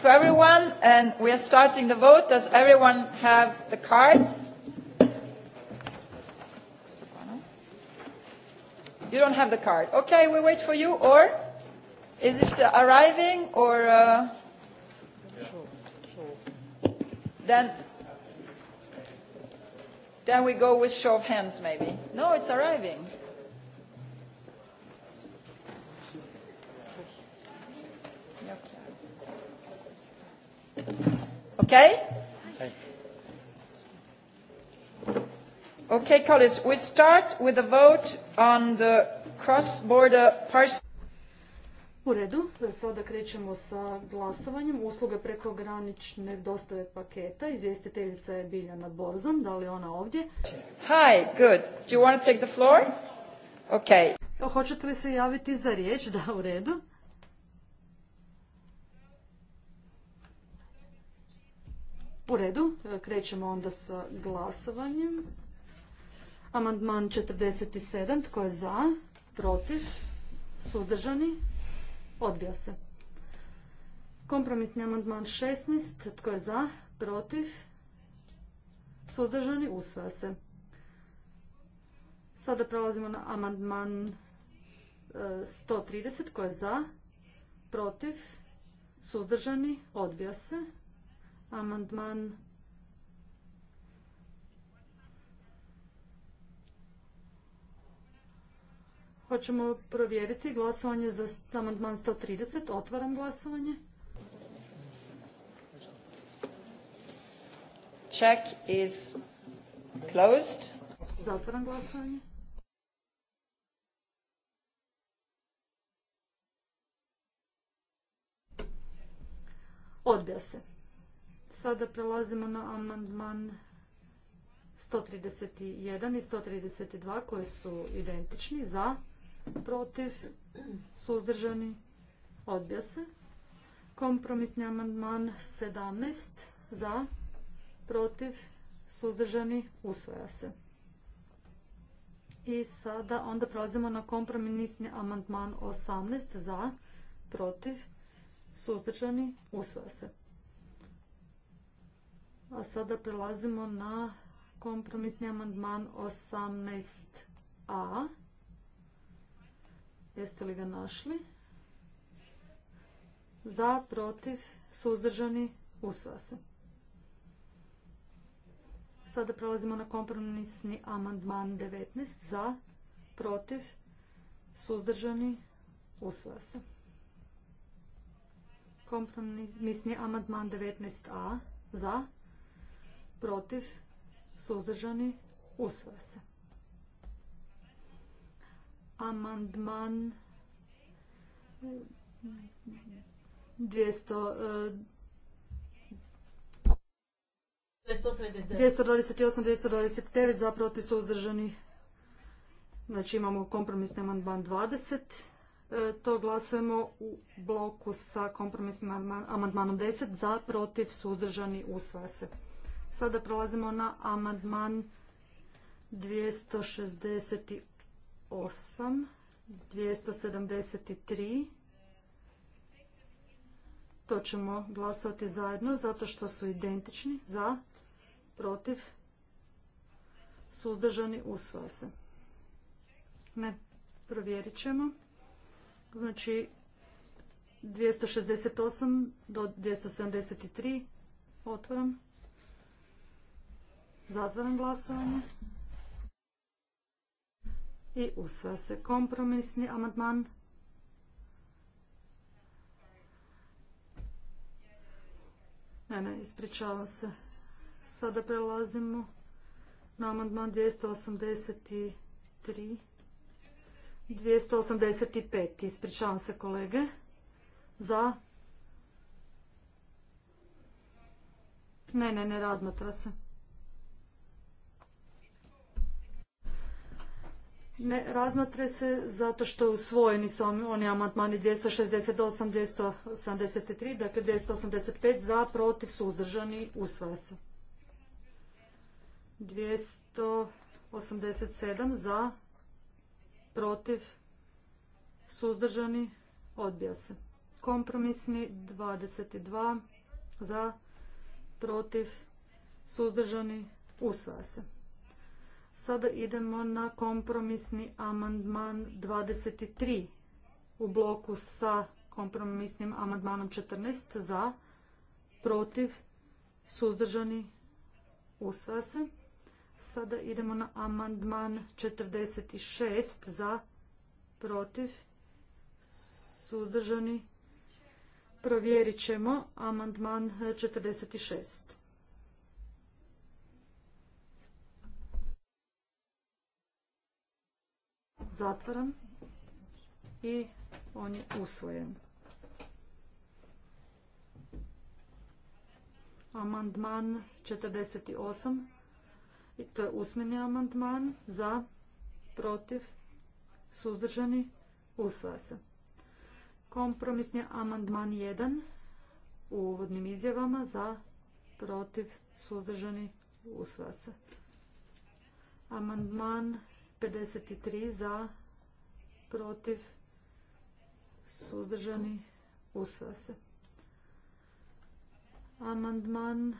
to everyone, and we are starting the vote. Does everyone have the card? You don't have the card. Okay, we wait for you, or is it arriving, or uh, then then we go with show of hands, maybe. No, it's arriving. Okay? Okay, colleagues, we start with a vote on the cross-border parcel. U redu, sada krećemo sa glasovanjem. Usluge prekogranične dostave paketa. Izvjestiteljica je Biljana Borzan. Da li ona ovdje? Hi, good. Do you want to take the floor? Okay. Hoćete li se javiti za riječ? Da, u redu. U redu, e, krećemo onda sa glasovanjem. Amandman 47, tko je za, protiv, suzdržani, odbija se. Kompromisni amandman 16, tko je za, protiv, suzdržani, usvaja se. Sada prelazimo na amandman 130, e, tko je za, protiv, suzdržani, odbija se. Amandman Hoćemo provjeriti glasovanje za amandman 130. Otvaram glasovanje. Check is closed. Zatvaram glasovanje. Odbija se. Sada prelazimo na amandman 131 i 132 koji su identični za, protiv, suzdržani, odbija se. Kompromisni amandman 17 za, protiv, suzdržani, usvaja se. I sada onda prelazimo na kompromisni amandman 18 za, protiv, suzdržani, usvaja se. A sada prelazimo na kompromisni amandman 18a. Jeste li ga našli? Za, protiv, suzdržani, usva se. Sada prelazimo na kompromisni amandman 19. Za, protiv, suzdržani, usva se. Kompromisni amandman 19a. Za, protiv, suzdržani, usvaja se. Amandman 228, 229 e, za protiv suzdržani. Znači imamo kompromisni amandman 20. E, to glasujemo u bloku sa kompromisnim amandmanom 10 za protiv suzdržani usvaja se. Sada prolazimo na amandman 268, 273. To ćemo glasovati zajedno zato što su identični za, protiv, suzdržani, usvoja se. Ne, provjerit ćemo. Znači 268 do 273 otvoram. Zatvaram glasovanje. I usvaja se kompromisni amandman. Ne, ne, ispričavam se. Sada prelazimo na amandman 283. 285. Ispričavam se kolege. Za. Ne, ne, ne razmatra se. ne razmatre se zato što usvojeni su oni amandmani 268, 273 dakle 285 za, protiv, suzdržani, usvaja se. 287 za, protiv, suzdržani, odbija se. Kompromisni 22 za, protiv, suzdržani, usvaja se. Sada idemo na kompromisni amandman 23 u bloku sa kompromisnim amandmanom 14 za, protiv, suzdržani, usvaja se. Sada idemo na amandman 46 za, protiv, suzdržani. Provjerit ćemo amandman 46. Zatvaram i on je usvojen. Amandman 48. I to je usmeni amandman za, protiv, suzdržani, usvaja se. Kompromisni amandman 1 u uvodnim izjavama za, protiv, suzdržani, usvaja se. Amandman 53 za, protiv, suzdržani, usvaja se. Amandman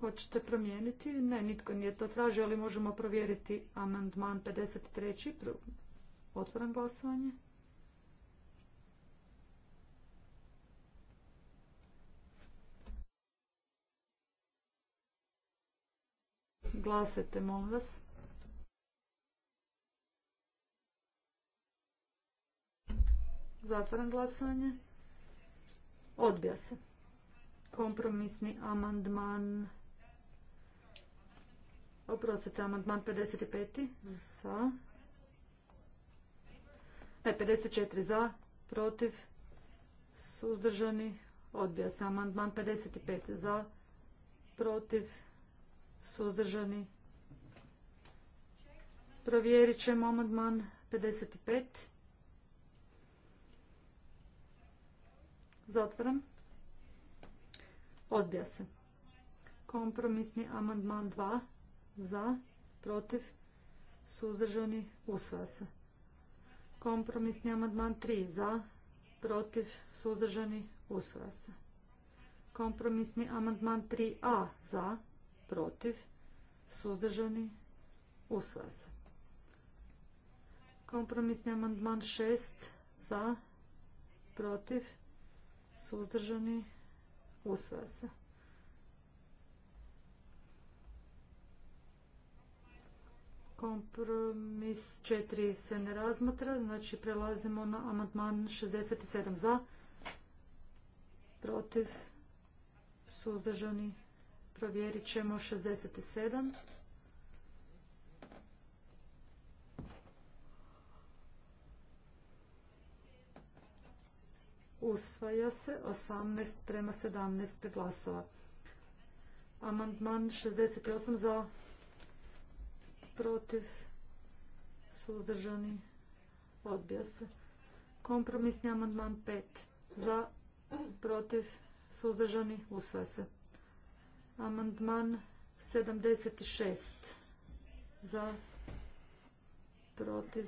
Hoćete promijeniti? Ne, nitko nije to tražio, ali možemo provjeriti amandman 53. Otvoram glasovanje. Glasajte, molim vas. Zatvaram glasovanje. Odbija se. Kompromisni amandman. Oprostite, amandman 55. Za. Ne, 54 za, protiv, suzdržani. Odbija se amandman 55 za, protiv, suzdržani. Provjerit ćemo amandman 55. Zatvaram. Odbija se. Kompromisni amandman 2. Za, protiv, suzdržani, usvaja se. Kompromisni amandman 3. Za, protiv, suzdržani, usvaja se. Kompromisni amandman 3a za, protiv, suzdržani, usvaja se. Kompromisni amandman 6 za, protiv, suzdržani, usvaja se. Kompromis 4 se ne razmatra, znači prelazimo na amandman 67 za, protiv, suzdržani, Provjerit ćemo 67. Usvaja se 18 prema 17 glasova. Amandman 68 za protiv suzdržani odbija se. Kompromisni amandman 5 za protiv suzdržani usvaja se. Amandman 76 za protiv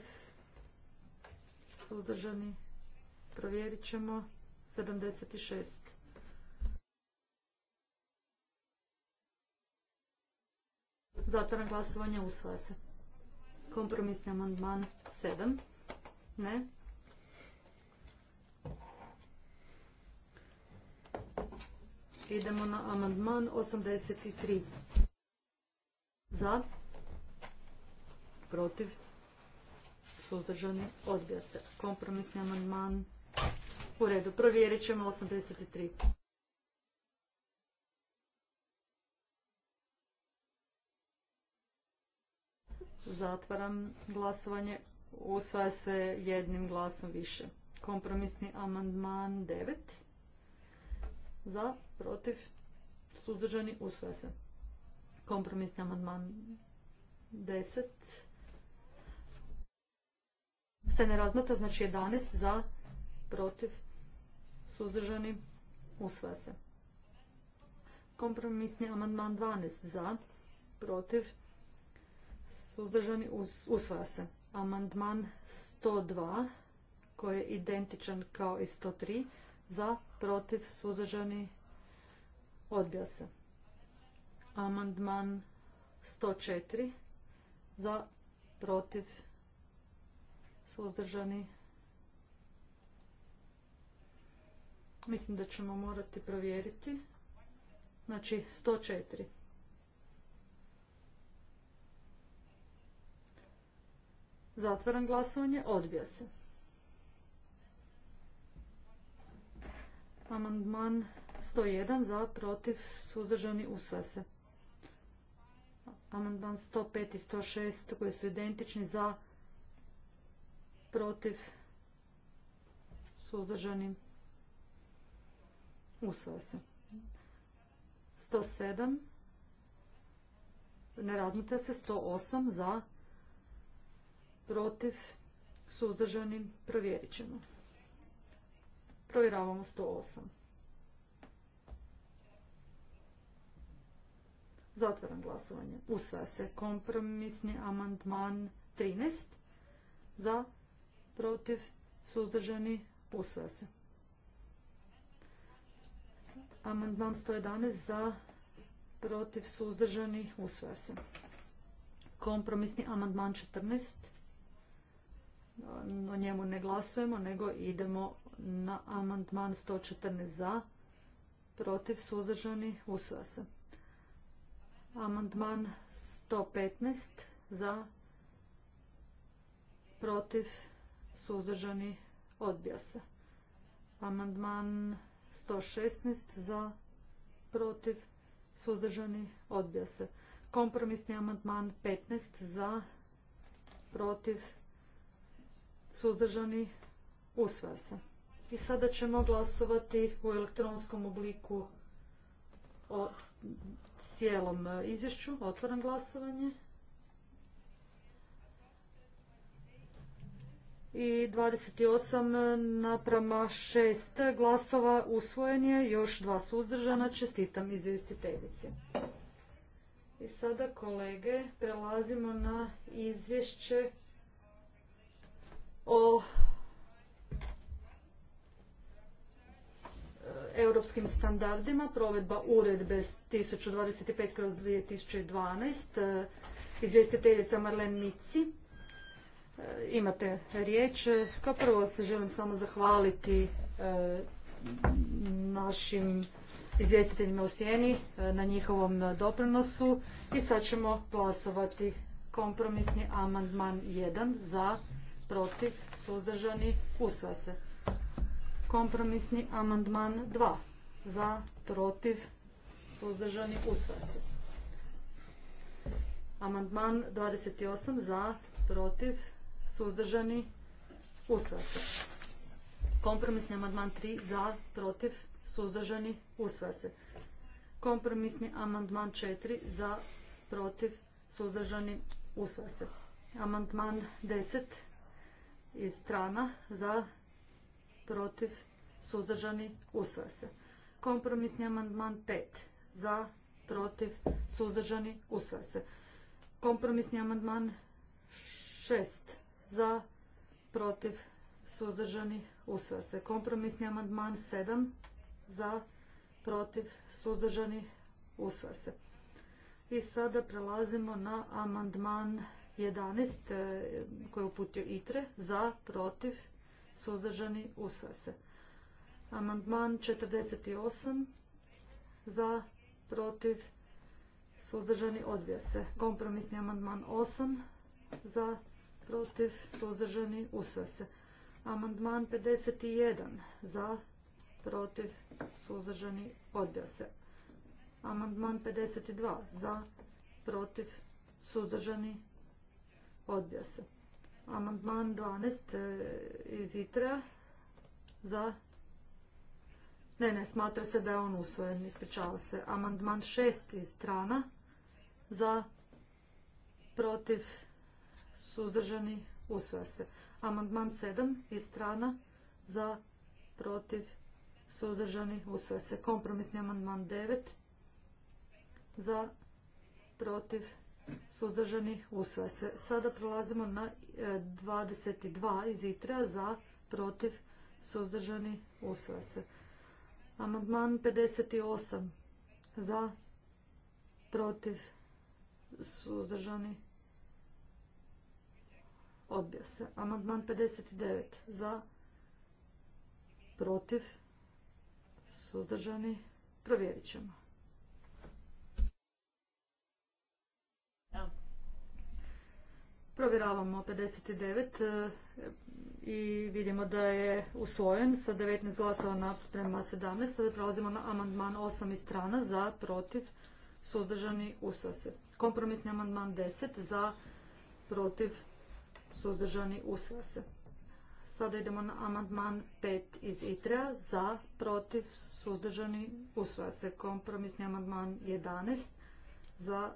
suzdržani provjerit ćemo 76. Zatvaram glasovanje, usvaja se. Kompromisni amandman 7. Ne. Idemo na amandman 83. Za. Protiv. Suzdržani. Odbija se. Kompromisni amandman. U redu. Provjerit ćemo 83. Zatvaram glasovanje. Usvaja se jednim glasom više. Kompromisni amandman 9 za, protiv, suzdržani, usvoja se. Kompromisni amandman 10 se ne razmata, znači 11 za, protiv, suzdržani, usvaja se. Kompromisni amandman 12 znači za, protiv, suzdržani, usvaja se. Amandman 102 koji je identičan kao i 103 za, protiv, suzdržani, odbija se. Amandman 104 za, protiv, suzdržani. Mislim da ćemo morati provjeriti. Znači 104. Zatvaram glasovanje, odbija se. Amandman 101 za, protiv, suzdržani, usva se. Amandman 105 i 106 koji su identični za, protiv, suzdržani, usvaja se. 107, ne razmite se, 108 za, protiv, suzdržani, provjerit ćemo. Provjeravamo 108. Zatvaram glasovanje. Usvaja se kompromisni amandman 13. Za, protiv, suzdržani, usvaja se. Amandman 111 za, protiv, suzdržani, usvaja se. Kompromisni amandman 14. O njemu ne glasujemo, nego idemo na amandman 114 za, protiv, suzdržani, usvaja se. Amandman 115 za, protiv, suzdržani, odbija se. Amandman 116 za, protiv, suzdržani, odbija se. Kompromisni amandman 15 za, protiv, suzdržani, usvaja se. I sada ćemo glasovati u elektronskom obliku o cijelom e, izvješću. Otvaram glasovanje. i 28 naprama 6 glasova usvojen je, još dva suzdržana, čestitam izvjestiteljici. I sada kolege prelazimo na izvješće o europskim standardima, provedba uredbe 1025 kroz 2012, e, izvjestiteljica Marlen e, Imate riječ. E, kao prvo se želim samo zahvaliti našim izvjestiteljima u sjeni na njihovom doprinosu i sad ćemo glasovati kompromisni amandman 1 za, protiv, suzdržani, usva se. Kompromisni amandman 2. Za, protiv, suzdržani, usvaja se. Amandman 28. Za, protiv, suzdržani, usvaja se. Kompromisni amandman 3. Za, protiv, suzdržani, usvaja se. Kompromisni amandman 4. Za, protiv, suzdržani, usvaja se. Amandman 10 iz strana za protiv, suzdržani, usvaja se. Kompromisni amandman 5. Za, protiv, suzdržani, usvaja se. Kompromisni amandman 6. Za, protiv, suzdržani, usvaja se. Kompromisni amandman 7. Za, protiv, suzdržani, usvaja se. I sada prelazimo na amandman 11 eh, koji je uputio ITRE. Za, protiv, suzdržani, usvoje se. Amandman 48 za, protiv, suzdržani, odbija se. Kompromisni amandman 8 za, protiv, suzdržani, usvoje se. Amandman 51 za, protiv, suzdržani, odbija se. Amandman 52 za, protiv, suzdržani, odbija se. Amandman 12 e, iz ITRA za... Ne, ne, smatra se da je on usvojen, ispričava se. Amandman 6 iz strana za protiv suzdržani usvoja se. Amandman 7 iz strana za protiv suzdržani usvoja se. Kompromisni amandman 9 za protiv suzdržani, usve se. Sada prolazimo na 22 e, iz ITRA za, protiv, suzdržani, usve se. Amandman 58 za, protiv, suzdržani, odbija se. Amandman 59 za, protiv, suzdržani, provjerit ćemo. Provjeravamo 59 e, i vidimo da je usvojen sa 19 glasova naprema prema 17. Sada prelazimo na amandman 8 iz strana za, protiv, suzdržani, usva Kompromisni amandman 10 za, protiv, suzdržani, usva Sada idemo na amandman 5 iz ITREA za, protiv, suzdržani, usva Kompromisni amandman 11 za,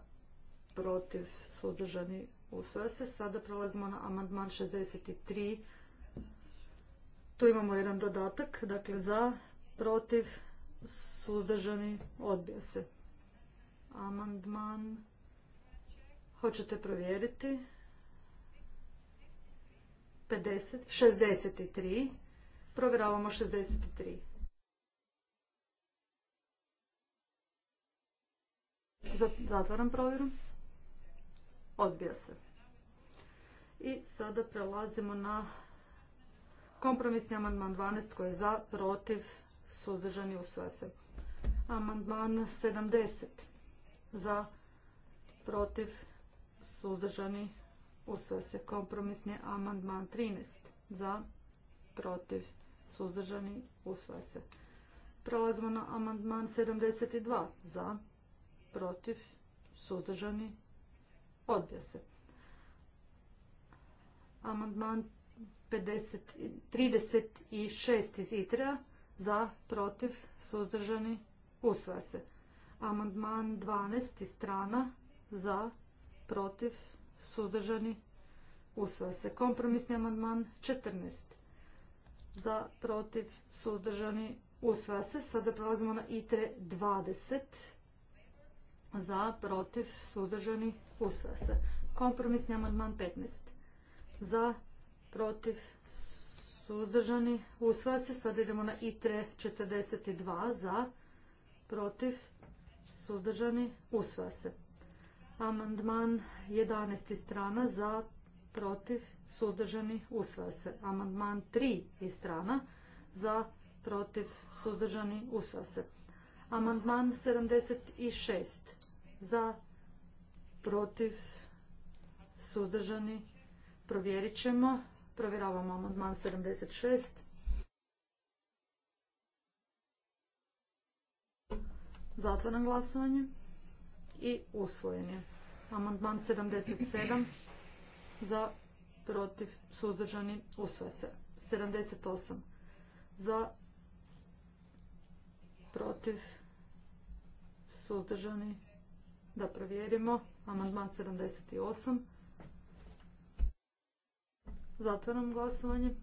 protiv, suzdržani, Usvaja se. Sada prelazimo na amandman 63. Tu imamo jedan dodatak. Dakle, za, protiv, suzdržani, odbija se. Amandman. Hoćete provjeriti? 50, 63. Provjeravamo 63. Zatvaram provjeru. Odbija se. I sada prelazimo na kompromisni amandman 12 koji je za, protiv, suzdržani, usvaja se. Amandman 70 za, protiv, suzdržani, usvaja se. Kompromisni amandman 13 za, protiv, suzdržani, usvaja se. Prelazimo na amandman 72 za, protiv, suzdržani, Odbija se. Amandman 36 iz ITRA za, protiv, suzdržani, usvaja se. Amandman 12 iz strana za, protiv, suzdržani, usvaja se. Kompromisni amandman 14 za, protiv, suzdržani, usvaja se. Sada prelazimo na ITRE 20 za, protiv, suzdržani, usvaja se. Kompromisni amandman 15. Za, protiv, suzdržani, usvaja se. Sada idemo na I3 42. Za, protiv, suzdržani, usvaja se. Amandman 11. strana za, protiv, suzdržani, usvaja se. Amandman 3. i strana za, protiv, suzdržani, usvaja se. Amandman 76 za, protiv, suzdržani, provjerit ćemo. Provjeravamo amandman 76. zatvoran glasovanje i usvojen je. Amandman 77 za, protiv, suzdržani, usvoje se. 78 za, protiv, suzdržani, da provjerimo. Amandman 78. Zatvaram glasovanje.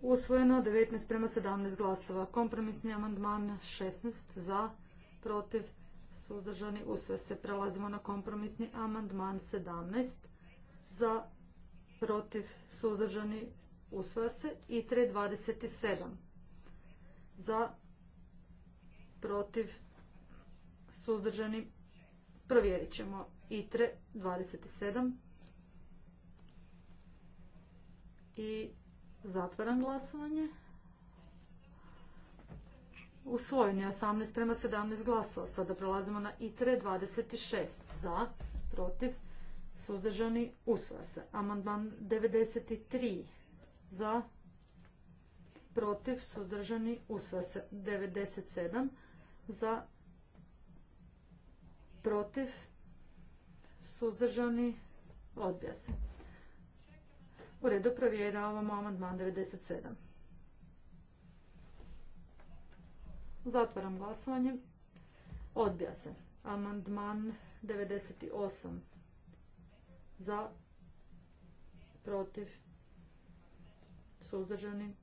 Usvojeno 19 prema 17 glasova. Kompromisni amandman 16 za, protiv, suzdržani, usvoje se. Prelazimo na kompromisni amandman 17 za, protiv, suzdržani, usvoje se. I 327 za, protiv, suzdržani, provjerit ćemo ITRE 27 i zatvaram glasovanje. Usvojen je 18 prema 17 glasova. Sada prelazimo na ITRE 26 za, protiv, suzdržani, usvoja se. Amandman 93 za, protiv, suzdržani, usvoja se. 97 za, protiv, suzdržani, odbija se. U redu provjeravamo amandman 97. Zatvaram glasovanje. Odbija se. Amandman 98. Za, protiv, suzdržani.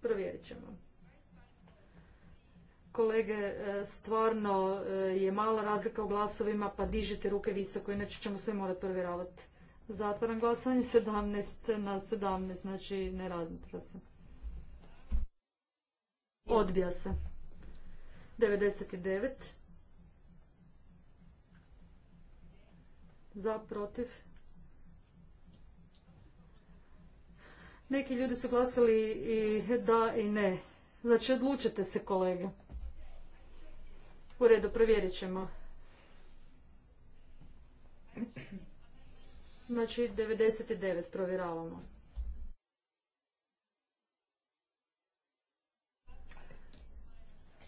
Provjerit ćemo kolege, e, stvarno e, je mala razlika u glasovima, pa dižite ruke visoko, inače ćemo sve morati provjeravati. Zatvaram glasovanje 17 na 17, znači ne razmatra se. Odbija se. 99. Za, protiv. Neki ljudi su glasali i da i ne. Znači odlučite se kolege. U redu, provjerit ćemo. Znači 99 provjeravamo.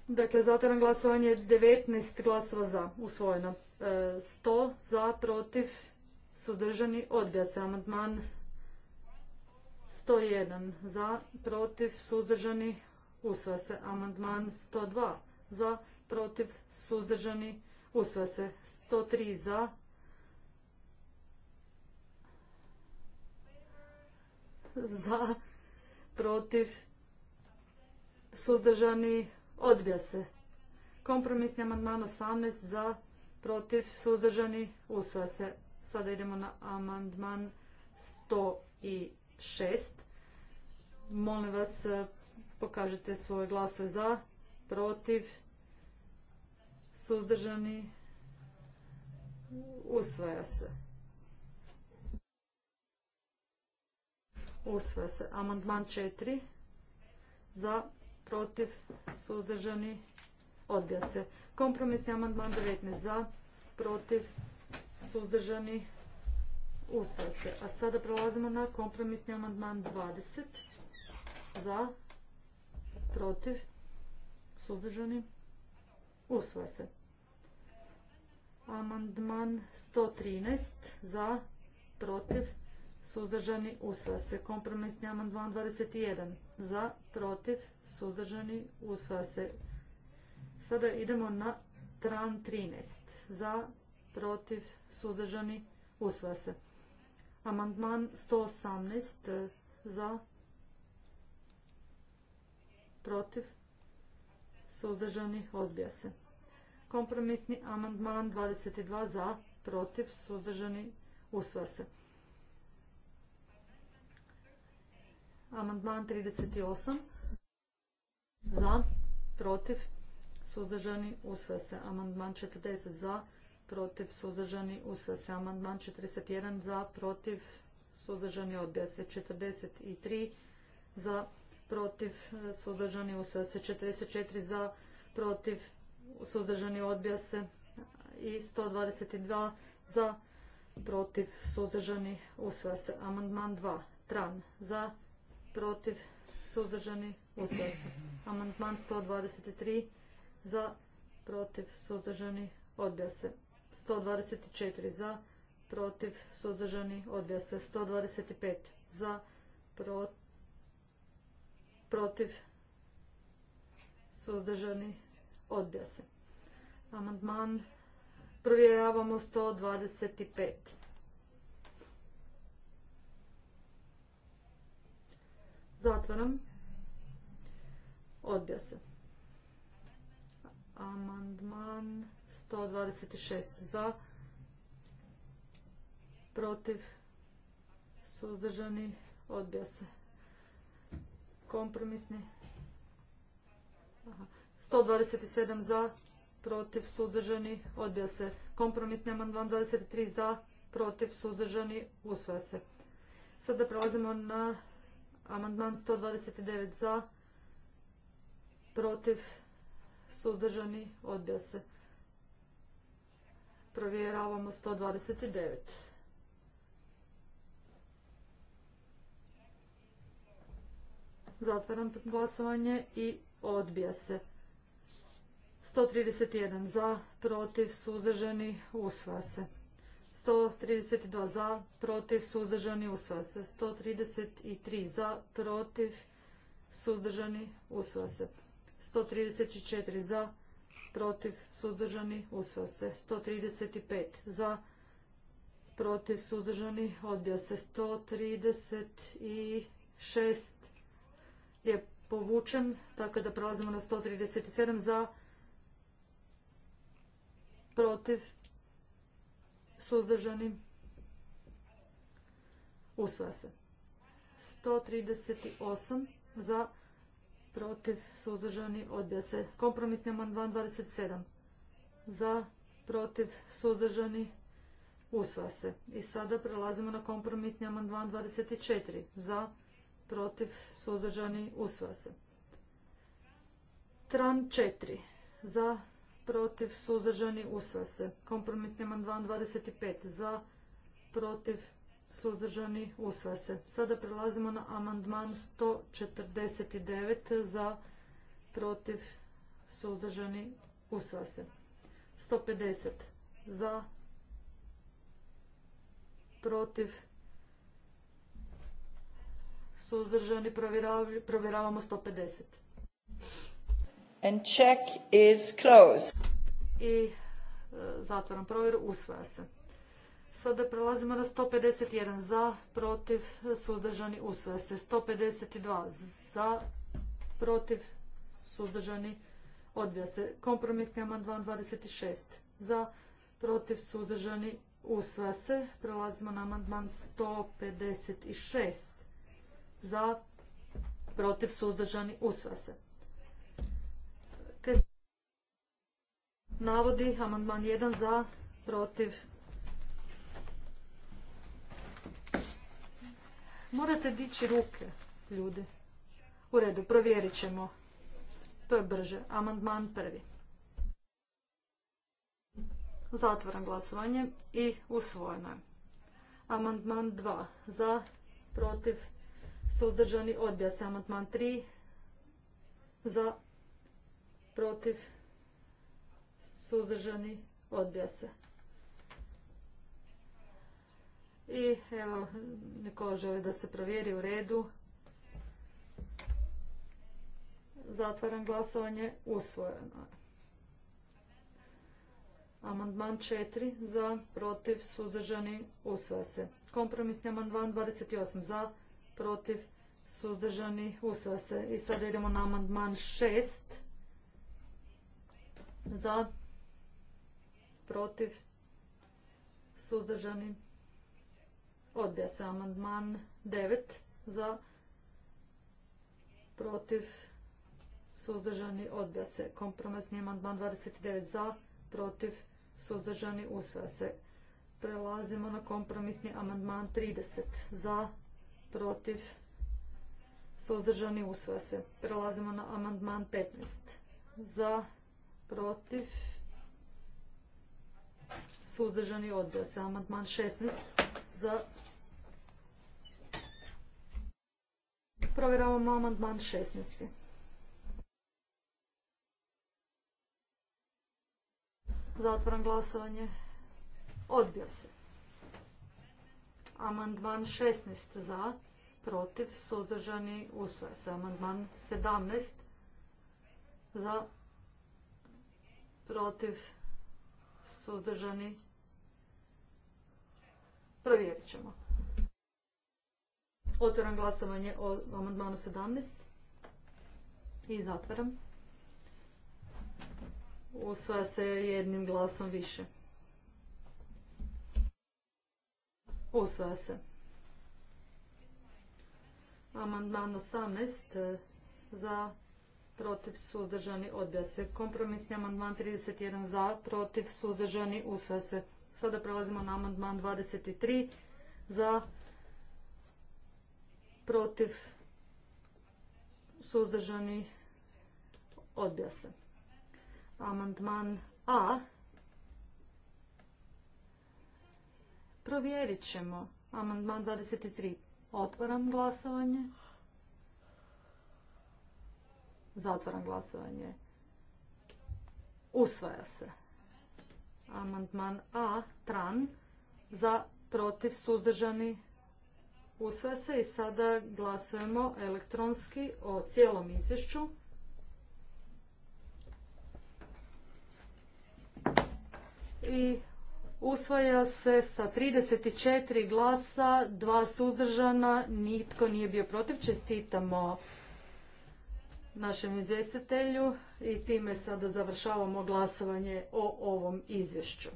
Dakle, zatvoran glasovanje 19 glasova za, usvojeno. 100 e, za, protiv, suzdržani, odbija se amandman. 101 za, protiv, suzdržani, usvoja se amandman. 102 za, protiv, suzdržani, usvaja se. 103 za, za, protiv, suzdržani, odbija se. Kompromisni amandman 18 za, protiv, suzdržani, usvaja se. Sada idemo na amandman 106. Molim vas, pokažite svoje glasove za, protiv, suzdržani, usvaja se. Usvaja se. Amandman 4 za, protiv, suzdržani, odbija se. Kompromisni amandman 19 za, protiv, suzdržani, usvaja se. A sada prelazimo na kompromisni amandman 20 za, protiv, suzdržani, usvaja se. Amandman 113 za, protiv, suzdržani, usvaja se. Kompromisni amandman 21 za, protiv, suzdržani, usvaja se. Sada idemo na tran 13 za, protiv, suzdržani, usvaja se. Amandman 118 za, protiv, suzdržani, odbija se. Kompromisni amandman 22 za, protiv, suzdržani, usvaja se. Amandman 38 za, protiv, suzdržani, usvaja se. Amandman 40 za, protiv, suzdržani, usvaja se. Amandman 41 za, protiv, suzdržani, odbija se. 43 za, protiv, suzdržani, usvaja se. 44 za, protiv, suzdržani odbija se i 122 za, protiv, suzdržani, usvaja se. Amandman 2, tran, za, protiv, suzdržani, usvaja se. Amandman 123, za, protiv, suzdržani, odbija se. 124 za, protiv, suzdržani, odbija se. 125 za, protiv, suzdržani, Odbija se. Amandman provjeravamo 125. Zatvaram. Odbija se. Amandman 126 za, protiv, suzdržani, odbija se. Kompromisni. Aha. 127 za, protiv, suzdržani, odbija se. Kompromisni amandman 23 za, protiv, suzdržani, usvaja se. Sada prelazimo na amandman 129 za, protiv, suzdržani, odbija se. Provjeravamo 129. Zatvaram glasovanje i odbija se. 131 za, protiv, suzdržani, usvaja se. 132 za, protiv, suzdržani, usvaja se. 133 za, protiv, suzdržani, usvaja se. 134 za, protiv, suzdržani, usvaja se. 135 za, protiv, suzdržani, odbija se. 136 je povučen, tako da prelazimo na 137 za, protiv, suzdržani, usvaja se. 138 za, protiv, suzdržani, odbija se. Kompromisni amandman 27 za, protiv, suzdržani, usvaja se. I sada prelazimo na kompromisni amandman 24 za, protiv, suzdržani, usvaja se. Tran 4 za, protiv, suzdržani, usva se. Kompromisni amandman 25 za, protiv, suzdržani, usva se. Sada prelazimo na amandman 149 za, protiv, suzdržani, usva se. 150 za, protiv, suzdržani, provjeravamo 150. And check is closed. I e, zatvoram provjeru, usvaja se. Sada prelazimo na 151 za, protiv, suzdržani, usvaja se. 152 za, protiv, suzdržani, odbija se. Kompromisni amandman 26 za, protiv, suzdržani, usvaja se. Prelazimo na amandman 156 za, protiv, suzdržani, usvaja se. navodi, amandman 1 za, protiv. Morate dići ruke, ljudi. U redu, provjerit ćemo. To je brže. Amandman prvi. Zatvaram glasovanje i usvojeno je. Amandman 2 za, protiv, suzdržani, odbija se. Amandman 3 za, protiv, suzdržani, odbija se. I evo, neko želi da se provjeri u redu. Zatvaram glasovanje, usvojeno Amandman 4 za, protiv, suzdržani, usvaja se. Kompromisni amandman 28 za, protiv, suzdržani, usvaja se. I sada idemo na amandman 6 za, protiv, suzdržani, odbija se amandman 9 za, protiv, suzdržani, odbija se kompromisni amandman 29 za, protiv, suzdržani, usvaja se. Prelazimo na kompromisni amandman 30 za, protiv, suzdržani, usvaja se. Prelazimo na amandman 15 za, protiv, suzdržani, odbija se. Amandman 16 za... Provjeravamo amandman 16. Zatvoram glasovanje. Odbio se. Amandman 16 za, protiv, suzdržani, usvaja se. Amandman 17 za, protiv, suzdržani, Provjerit ćemo. Otvaram glasovanje o amandmanu 17 i zatvaram. Usvaja se jednim glasom više. Usvaja se. Amandman 18 e, za protiv suzdržani odbija se. Kompromisni amandman 31 za protiv suzdržani usvaja se. Sada prelazimo na amandman 23 za protiv suzdržani odbija se. Amandman A provjerit ćemo. Amandman 23. Otvaram glasovanje. Zatvaram glasovanje. Usvaja se. Amandman A, tran, za, protiv, suzdržani, usvaja se i sada glasujemo elektronski o cijelom izvješću. I usvaja se sa 34 glasa, dva suzdržana, nitko nije bio protiv. Čestitamo našem izvjestitelju i time sada završavamo glasovanje o ovom izvješću.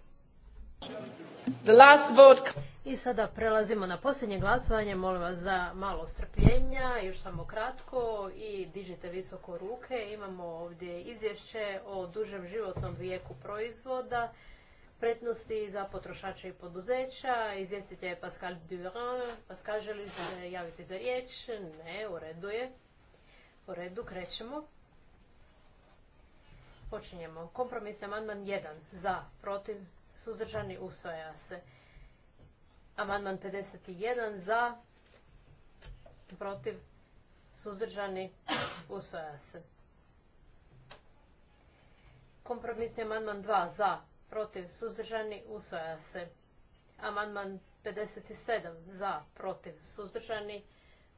I sada prelazimo na posljednje glasovanje. Molim vas za malo strpljenja, još samo kratko i dižite visoko ruke. Imamo ovdje izvješće o dužem životnom vijeku proizvoda, pretnosti za potrošače i poduzeća. Izvjestitelj je Pascal Durand. Pascal, želiš se javiti za riječ? Ne, u redu je. Po redu, krećemo. Počinjemo. Kompromisni amandman 1. Za, protiv, suzdržani, usvaja se. Amandman 51. Za, protiv, suzdržani, usvaja se. Kompromisni amandman 2. Za, protiv, suzdržani, usvaja se. Amandman 57. Za, protiv, suzdržani,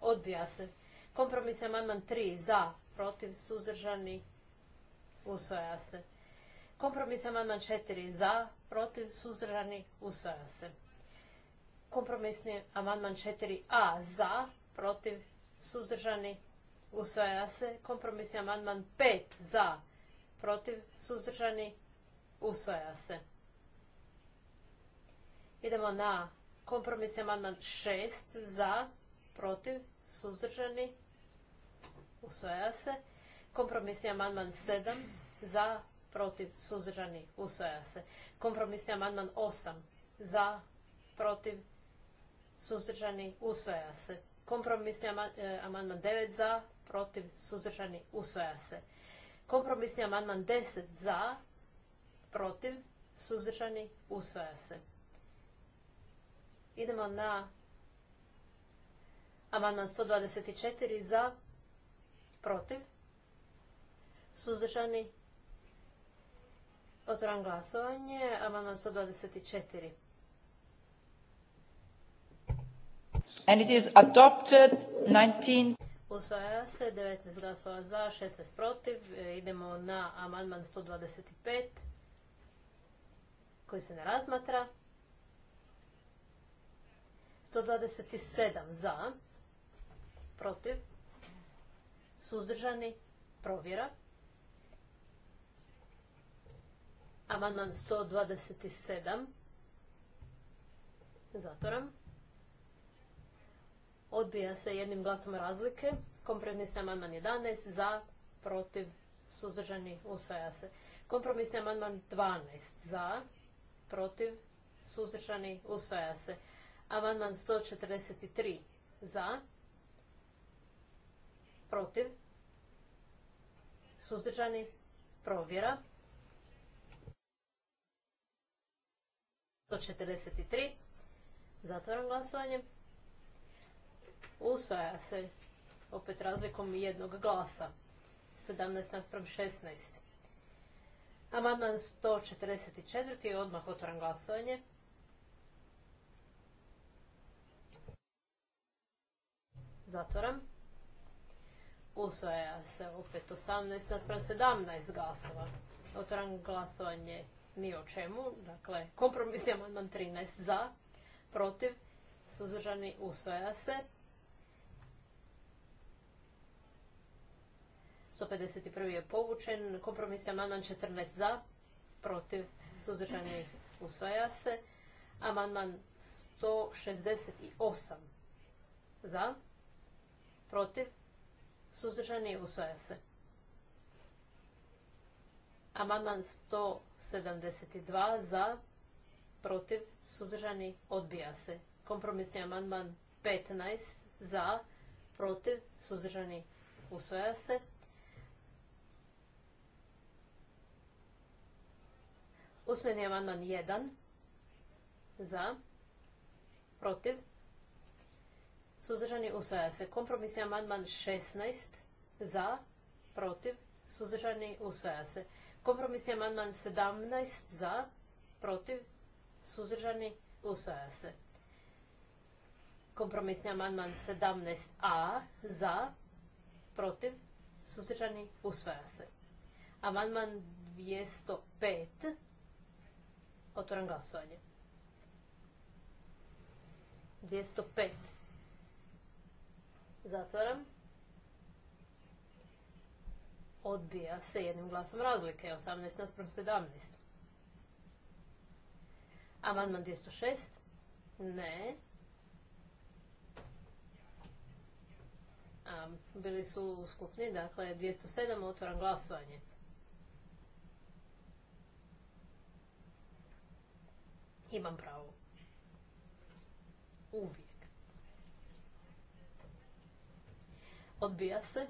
odbija se. Kompromis je amandman 3 za, protiv, suzdržani, usvaja se. Kompromis amandman 4 za, protiv, suzdržani, usvaja se. Kompromisni amandman 4a za, protiv, suzdržani, usvaja se. Kompromisni amandman 5 za, protiv, suzdržani, usvaja se. Idemo na kompromisni amandman 6 za, protiv, suzdržani, usvaja se. Kompromisni amandman 7 za, protiv, suzdržani, usvaja se. Kompromisni amandman 8 e, za, protiv, suzdržani, usvaja se. Kompromisni amandman 9 za, protiv, suzdržani, usvaja se. Kompromisni amandman 10 za, protiv, suzdržani, usvaja se. Idemo na amandman 124 za, Protiv? Suzdržani? Otvoram glasovanje. Amandman 124. And it is adopted 19... Usvaja se 19 glasova za, 16 protiv. Idemo na amandman 125 koji se ne razmatra. 127 za, protiv, suzdržani, provjera. Amandman 127. Zatoram. Odbija se jednim glasom razlike. Kompromisni amandman 11. Za, protiv, suzdržani, usvaja se. Kompromisni amandman 12. Za, protiv, suzdržani, usvaja se. Amandman 143. Za, protiv, suzdržani, provjera. 143, Zatvoram glasovanje. Usvaja se opet razlikom jednog glasa, 17 naspram 16. Amandman 144. Odmah otvoram glasovanje. Zatvoram. Usvaja se opet 18 naspram 17 glasova. Otvaram glasovanje ni o čemu. Dakle, kompromisni amandman 13 za, protiv, suzdržani usvaja se. 151. je povučen. Kompromisni amandman 14 za, protiv, suzdržani usvaja se. Amandman 168 za, protiv, suzdržani, usvaja se. Amandman 172 za, protiv, suzdržani, odbija se. Kompromisni amandman 15 za, protiv, suzdržani, usvaja se. Usmeni amandman 1 za, protiv, suzdržani, usvaja se. Kompromisni amandman 16 za, protiv, suzdržani, usvaja se. Kompromisni amandman 17 za, protiv, suzdržani, usvaja se. Kompromisni amandman 17a za, protiv, suzdržani, usvaja se. Amandman 205. Otvoram glasovanje. 205. Zatvaram. Odbija se jednim glasom razlike, 18 naspram 17. Amandman 206? Ne. bili su skupni, dakle 207, otvoram glasovanje. Imam pravo. Uvijek. Odbija se.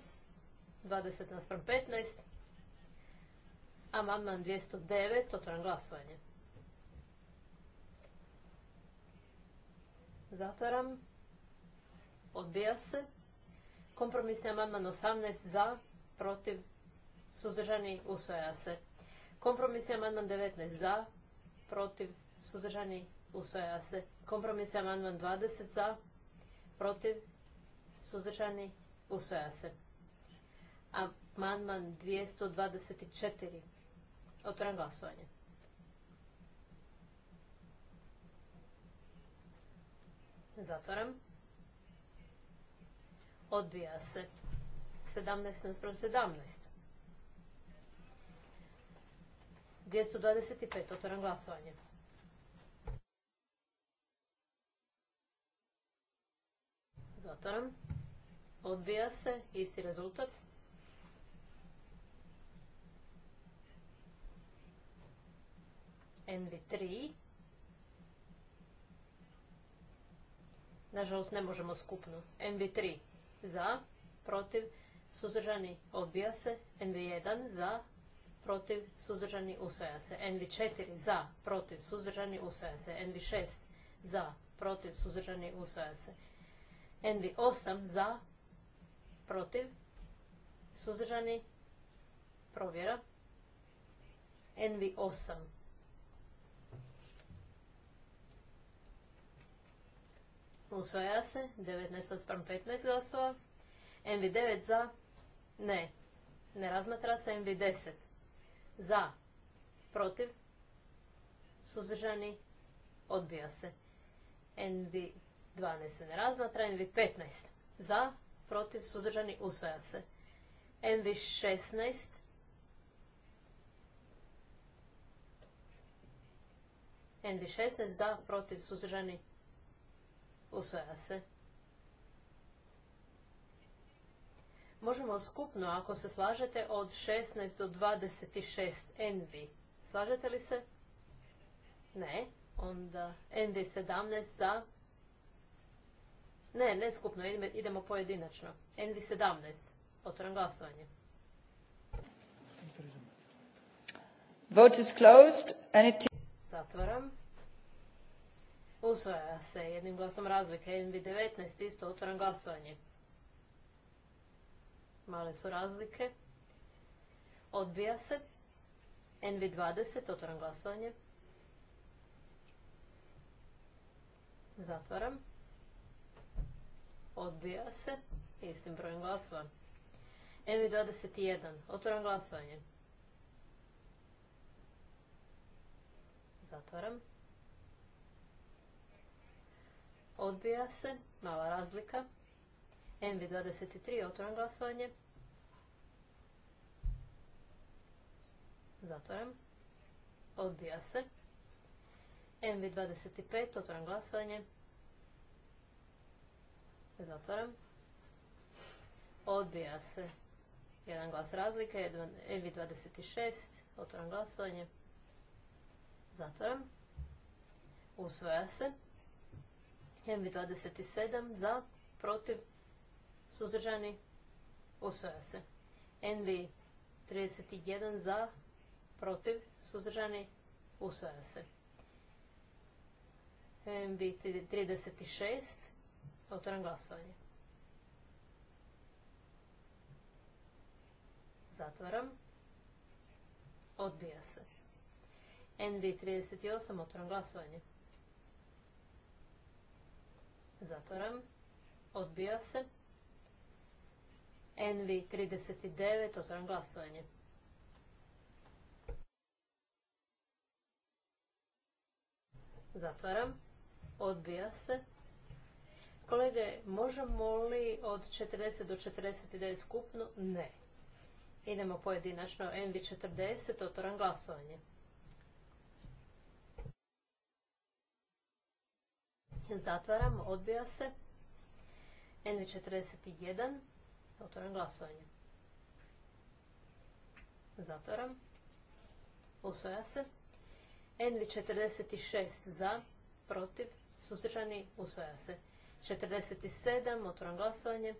20 naspram 15. Amandman 209. Otvoram glasovanje. Zatvaram. Odbija se. Kompromisni amandman 18 za, protiv, suzdržani, usvaja se. Kompromisni amandman 19 za, protiv, suzdržani, usvaja se. Kompromisni amandman 20 za, protiv, suzdržani, Usvaja se. A Amandman 224. Otvoram glasovanje. Zatvoram. Odbija se. 17 nasprav 17. 225. Otvoram glasovanje. Zatvoram. Odbija se, isti rezultat. NV3. Nažalost, ne možemo skupno. NV3 za, protiv, suzdržani, odbija se. NV1 za, protiv, suzdržani, usvaja se. NV4 za, protiv, suzdržani, usvaja se. NV6 za, protiv, suzdržani, usvaja se. NV8 za, protiv, suzdržani, provjera, NV8. Usvaja se, 19 sprem 15 glasova, NV9 za, ne, ne razmatra se, NV10 za, protiv, suzdržani, odbija se. NV12 se ne razmatra, NV15 za, protiv, suzdržani, usvaja se. MV16. NV16 da, protiv, suzdržani, usvaja se. Možemo skupno, ako se slažete, od 16 do 26 NV. Slažete li se? Ne. Onda NV17 za, ne, ne skupno, idemo pojedinačno. NV17, otvoram glasovanje. Vote is closed Usvaja se jednim glasom razlike. NV19, isto otvoram glasovanje. Male su razlike. Odbija se. NV20, otvoram glasovanje. Zatvaram. Odbija se. Istim brojem glasova. MV21. Otvoram glasovanje. Zatvoram. Odbija se. Mala razlika. MV23. Otvoram glasovanje. Zatvoram. Odbija se. MV25. Otvoram glasovanje. Dakle, zatvaram. Odbija se. Jedan glas razlike. Envi 26. Otvaram glasovanje. Zatvaram. Usvoja se. nv 27. Za. Protiv. Suzdržani. Usvoja se. Envi 31. Za. Protiv. Suzdržani. Usvoja se. nv 36 Otvoram glasovanje. Zatvaram. Odbija se. nv 38 otvoram glasovanje. Zatvoram. Odbija se. NV39, otvoram glasovanje. Zatvaram. Odbija se. Kolege, možemo li od 40 do 49 skupno? Ne. Idemo pojedinačno MV40, otvoram glasovanje. Zatvaram, odbija se. NV41, otvoram glasovanje. Zatvaram. Usvoja se. NV46 za, protiv, suzdržani, usvoja se. 47, otvoram glasovanje.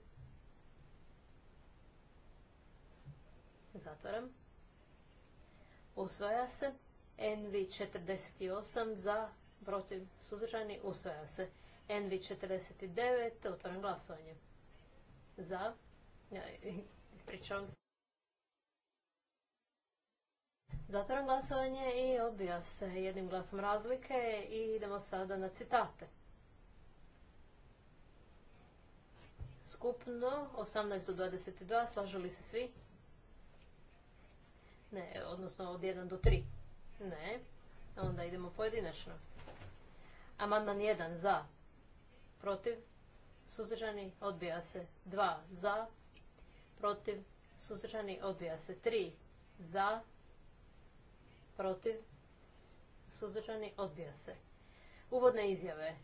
Zatvoram. Usvaja se. NV 48 za, protiv, suzdržani, usvaja se. NV 49, otvoram glasovanje. Za, ja, ispričavam se. Zatvoram glasovanje i odbija se jednim glasom razlike i idemo sada na citate. skupno, 18 do 22, slažu se svi? Ne, odnosno od 1 do 3. Ne, onda idemo pojedinačno. Amandman 1 za, protiv, suzdržani, odbija se 2 za, protiv, suzdržani, odbija se 3 za, protiv, suzdržani, odbija se. Uvodne izjave.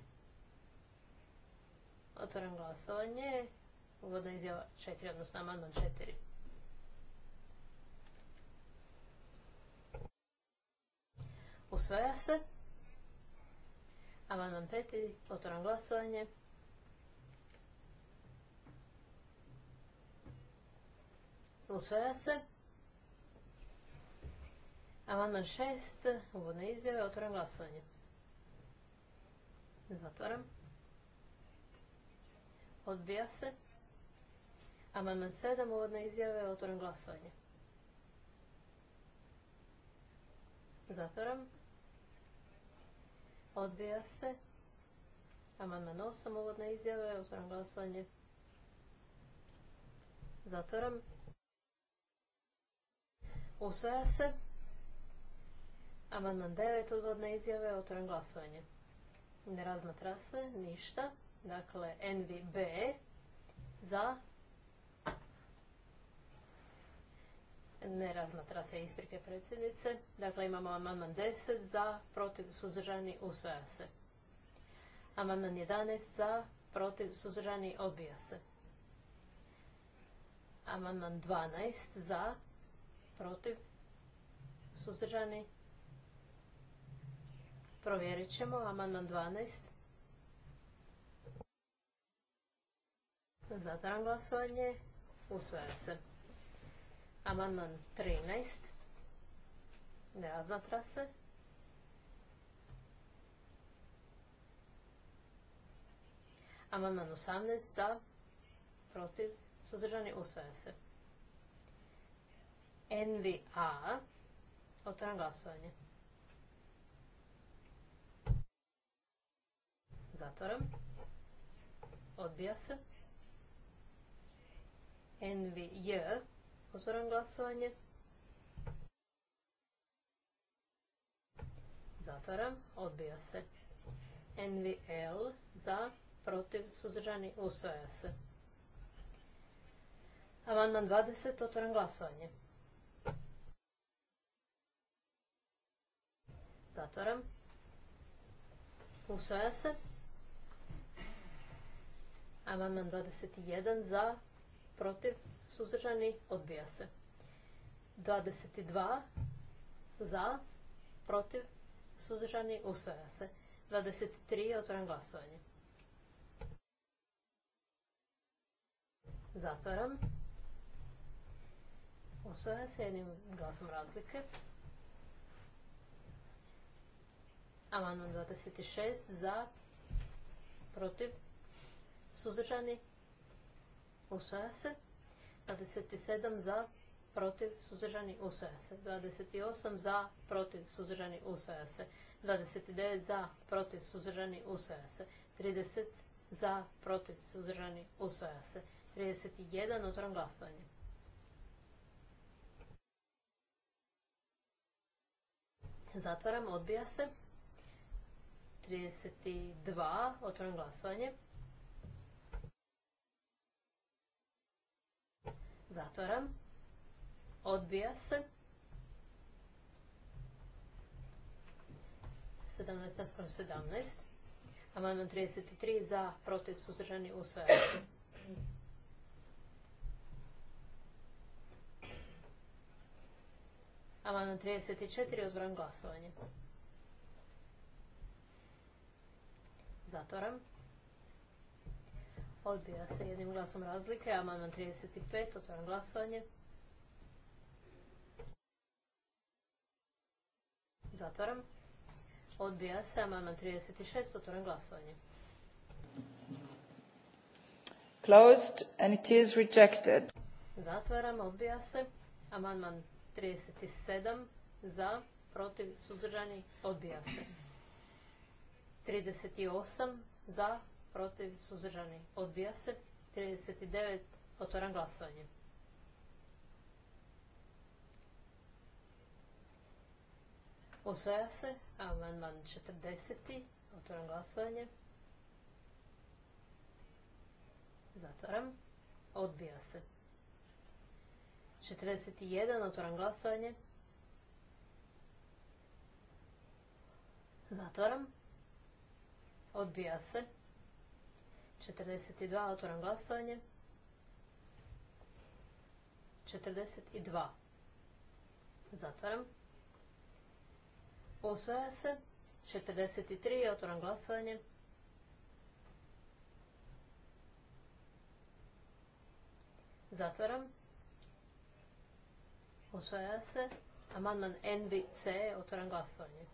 Otvaram glasovanje uvodna izjava četiri, odnosno amandman četiri. Usvaja se. Amandman peti, Otvoram glasovanje. Usvaja se. Amandman šest, Uvodne izjave. Otvoram glasovanje. Zatvoram. Odbija se. Amandman 7, uvodne izjave, otvoren glasovanje. Zatvoram. Odbija se. Amandman 8, uvodne izjave, otvoren glasovanje. Zatvoram. Usvaja se. Amandman 9, uvodne izjave, otvoren glasovanje. Ne razmatra se, ništa. Dakle, NVB e za Ne razmatra se isprike predsjednice. Dakle, imamo amandman 10 za, protiv, suzdržani, usvaja se. Amandman 11 za, protiv, suzdržani, odbija se. Amandman 12 za, protiv, suzdržani, provjerit ćemo. Amandman 12. Zatvaram glasovanje. Usvaja se. Amandman 13. Ne razmatra se. Amandman 18. Za. Protiv. Suzdržani. Usvaja se. NVA. otvaram glasovanje. Zatvoram. Odbija se. NVJ. Otvoram glasovanje. Zatvaram. Odbija se. NVL za, protiv, suzdržani, usvaja se. Amandman 20. Otvoram glasovanje. Zatvaram. Usvaja se. Amandman 21 za, protiv, suzdržani, odbija se. 22 za, protiv, suzdržani, usvaja se. 23 otvoram glasovanje. Zatvaram. Usvaja se jednim glasom razlike. Amandman 26 za, protiv, suzdržani, usvaja se. 27 za, protiv, suzdržani, usvaja se. 28 za, protiv, suzdržani, usvaja se. 29 za, protiv, suzdržani, usvaja se. 30 za, protiv, suzdržani, usvaja se. 31, otvoram glasovanje. Zatvaram, odbija se. 32, otvoram glasovanje. Zatvaram. Odbija se. 17 naspram 17. Amandman 33 za, protiv, suzdržani, u se. Amandman 34 odbran glasovanje. Zatvaram. Odbija se jednim glasom razlike. Amandman 35. Otvaram glasovanje. Zatvaram. Odbija se. Amandman 36. Otvaram glasovanje. Closed and it is rejected. Zatvaram. Odbija se. Amandman 37. Za. Protiv. Sudržani. Odbija se. 38. Za protiv, suzdržani, odbija se. 39, otvoram glasovanje. Usvaja se, amandman 40, otvoram glasovanje. Zatvoram, odbija se. 41, otvoram glasovanje. Zatvoram. Odbija se. 42. Otvoram glasovanje. 42. Zatvaram. Usvaja se. 43. Otvoram glasovanje. Zatvaram. Osvaja se. Amandman NVC. Otvoram glasovanje.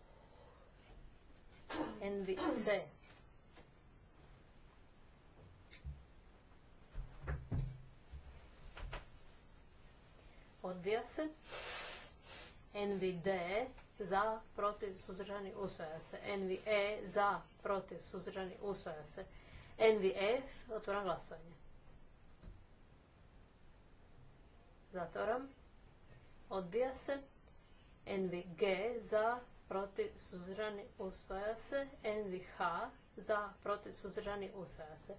NVC. odbija se. NVD e za, protiv, suzdržani, usvaja se. NVE za, protiv, suzdržani, usvaja se. NVF, otvoram glasovanje. Zatvoram. Odbija se. NVG za, protiv, suzdržani, usvaja se. NVH za, protiv, suzdržani, usvaja se.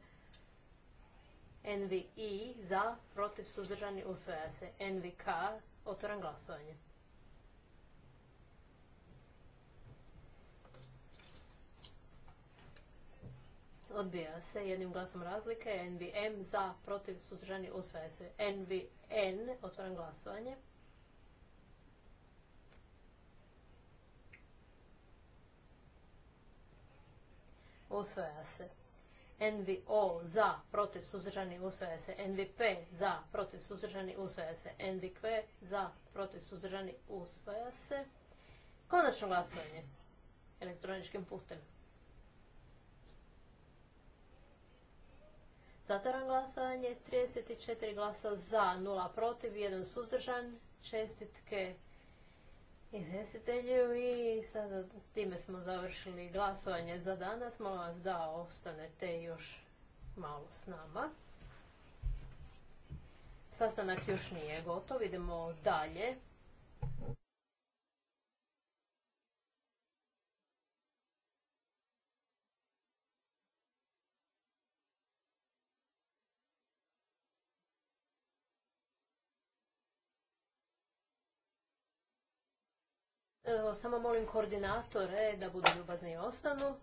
NVI za, protiv, suzdržani, usvaja se. NVK, otvoram glasovanje. Odbija se jednim glasom razlike. NVM za, protiv, suzdržani, usvaja se. NVN, otvoram glasovanje. Usvaja se. NVO za, protiv, suzdržani, usvaja se. NVP za, protiv, suzdržani, usvaja se. NVQ za, protiv, suzdržani, usvaja se. Konačno glasovanje elektroničkim putem. Zatvaram glasovanje, 34 glasa za, 0 protiv, 1 suzdržan. Čestitke izvjestitelju i sada time smo završili glasovanje za danas. Molim vas da ostanete još malo s nama. Sastanak još nije gotov, idemo dalje. Evo, samo molim koordinatore da budu ljubazni i ostanu.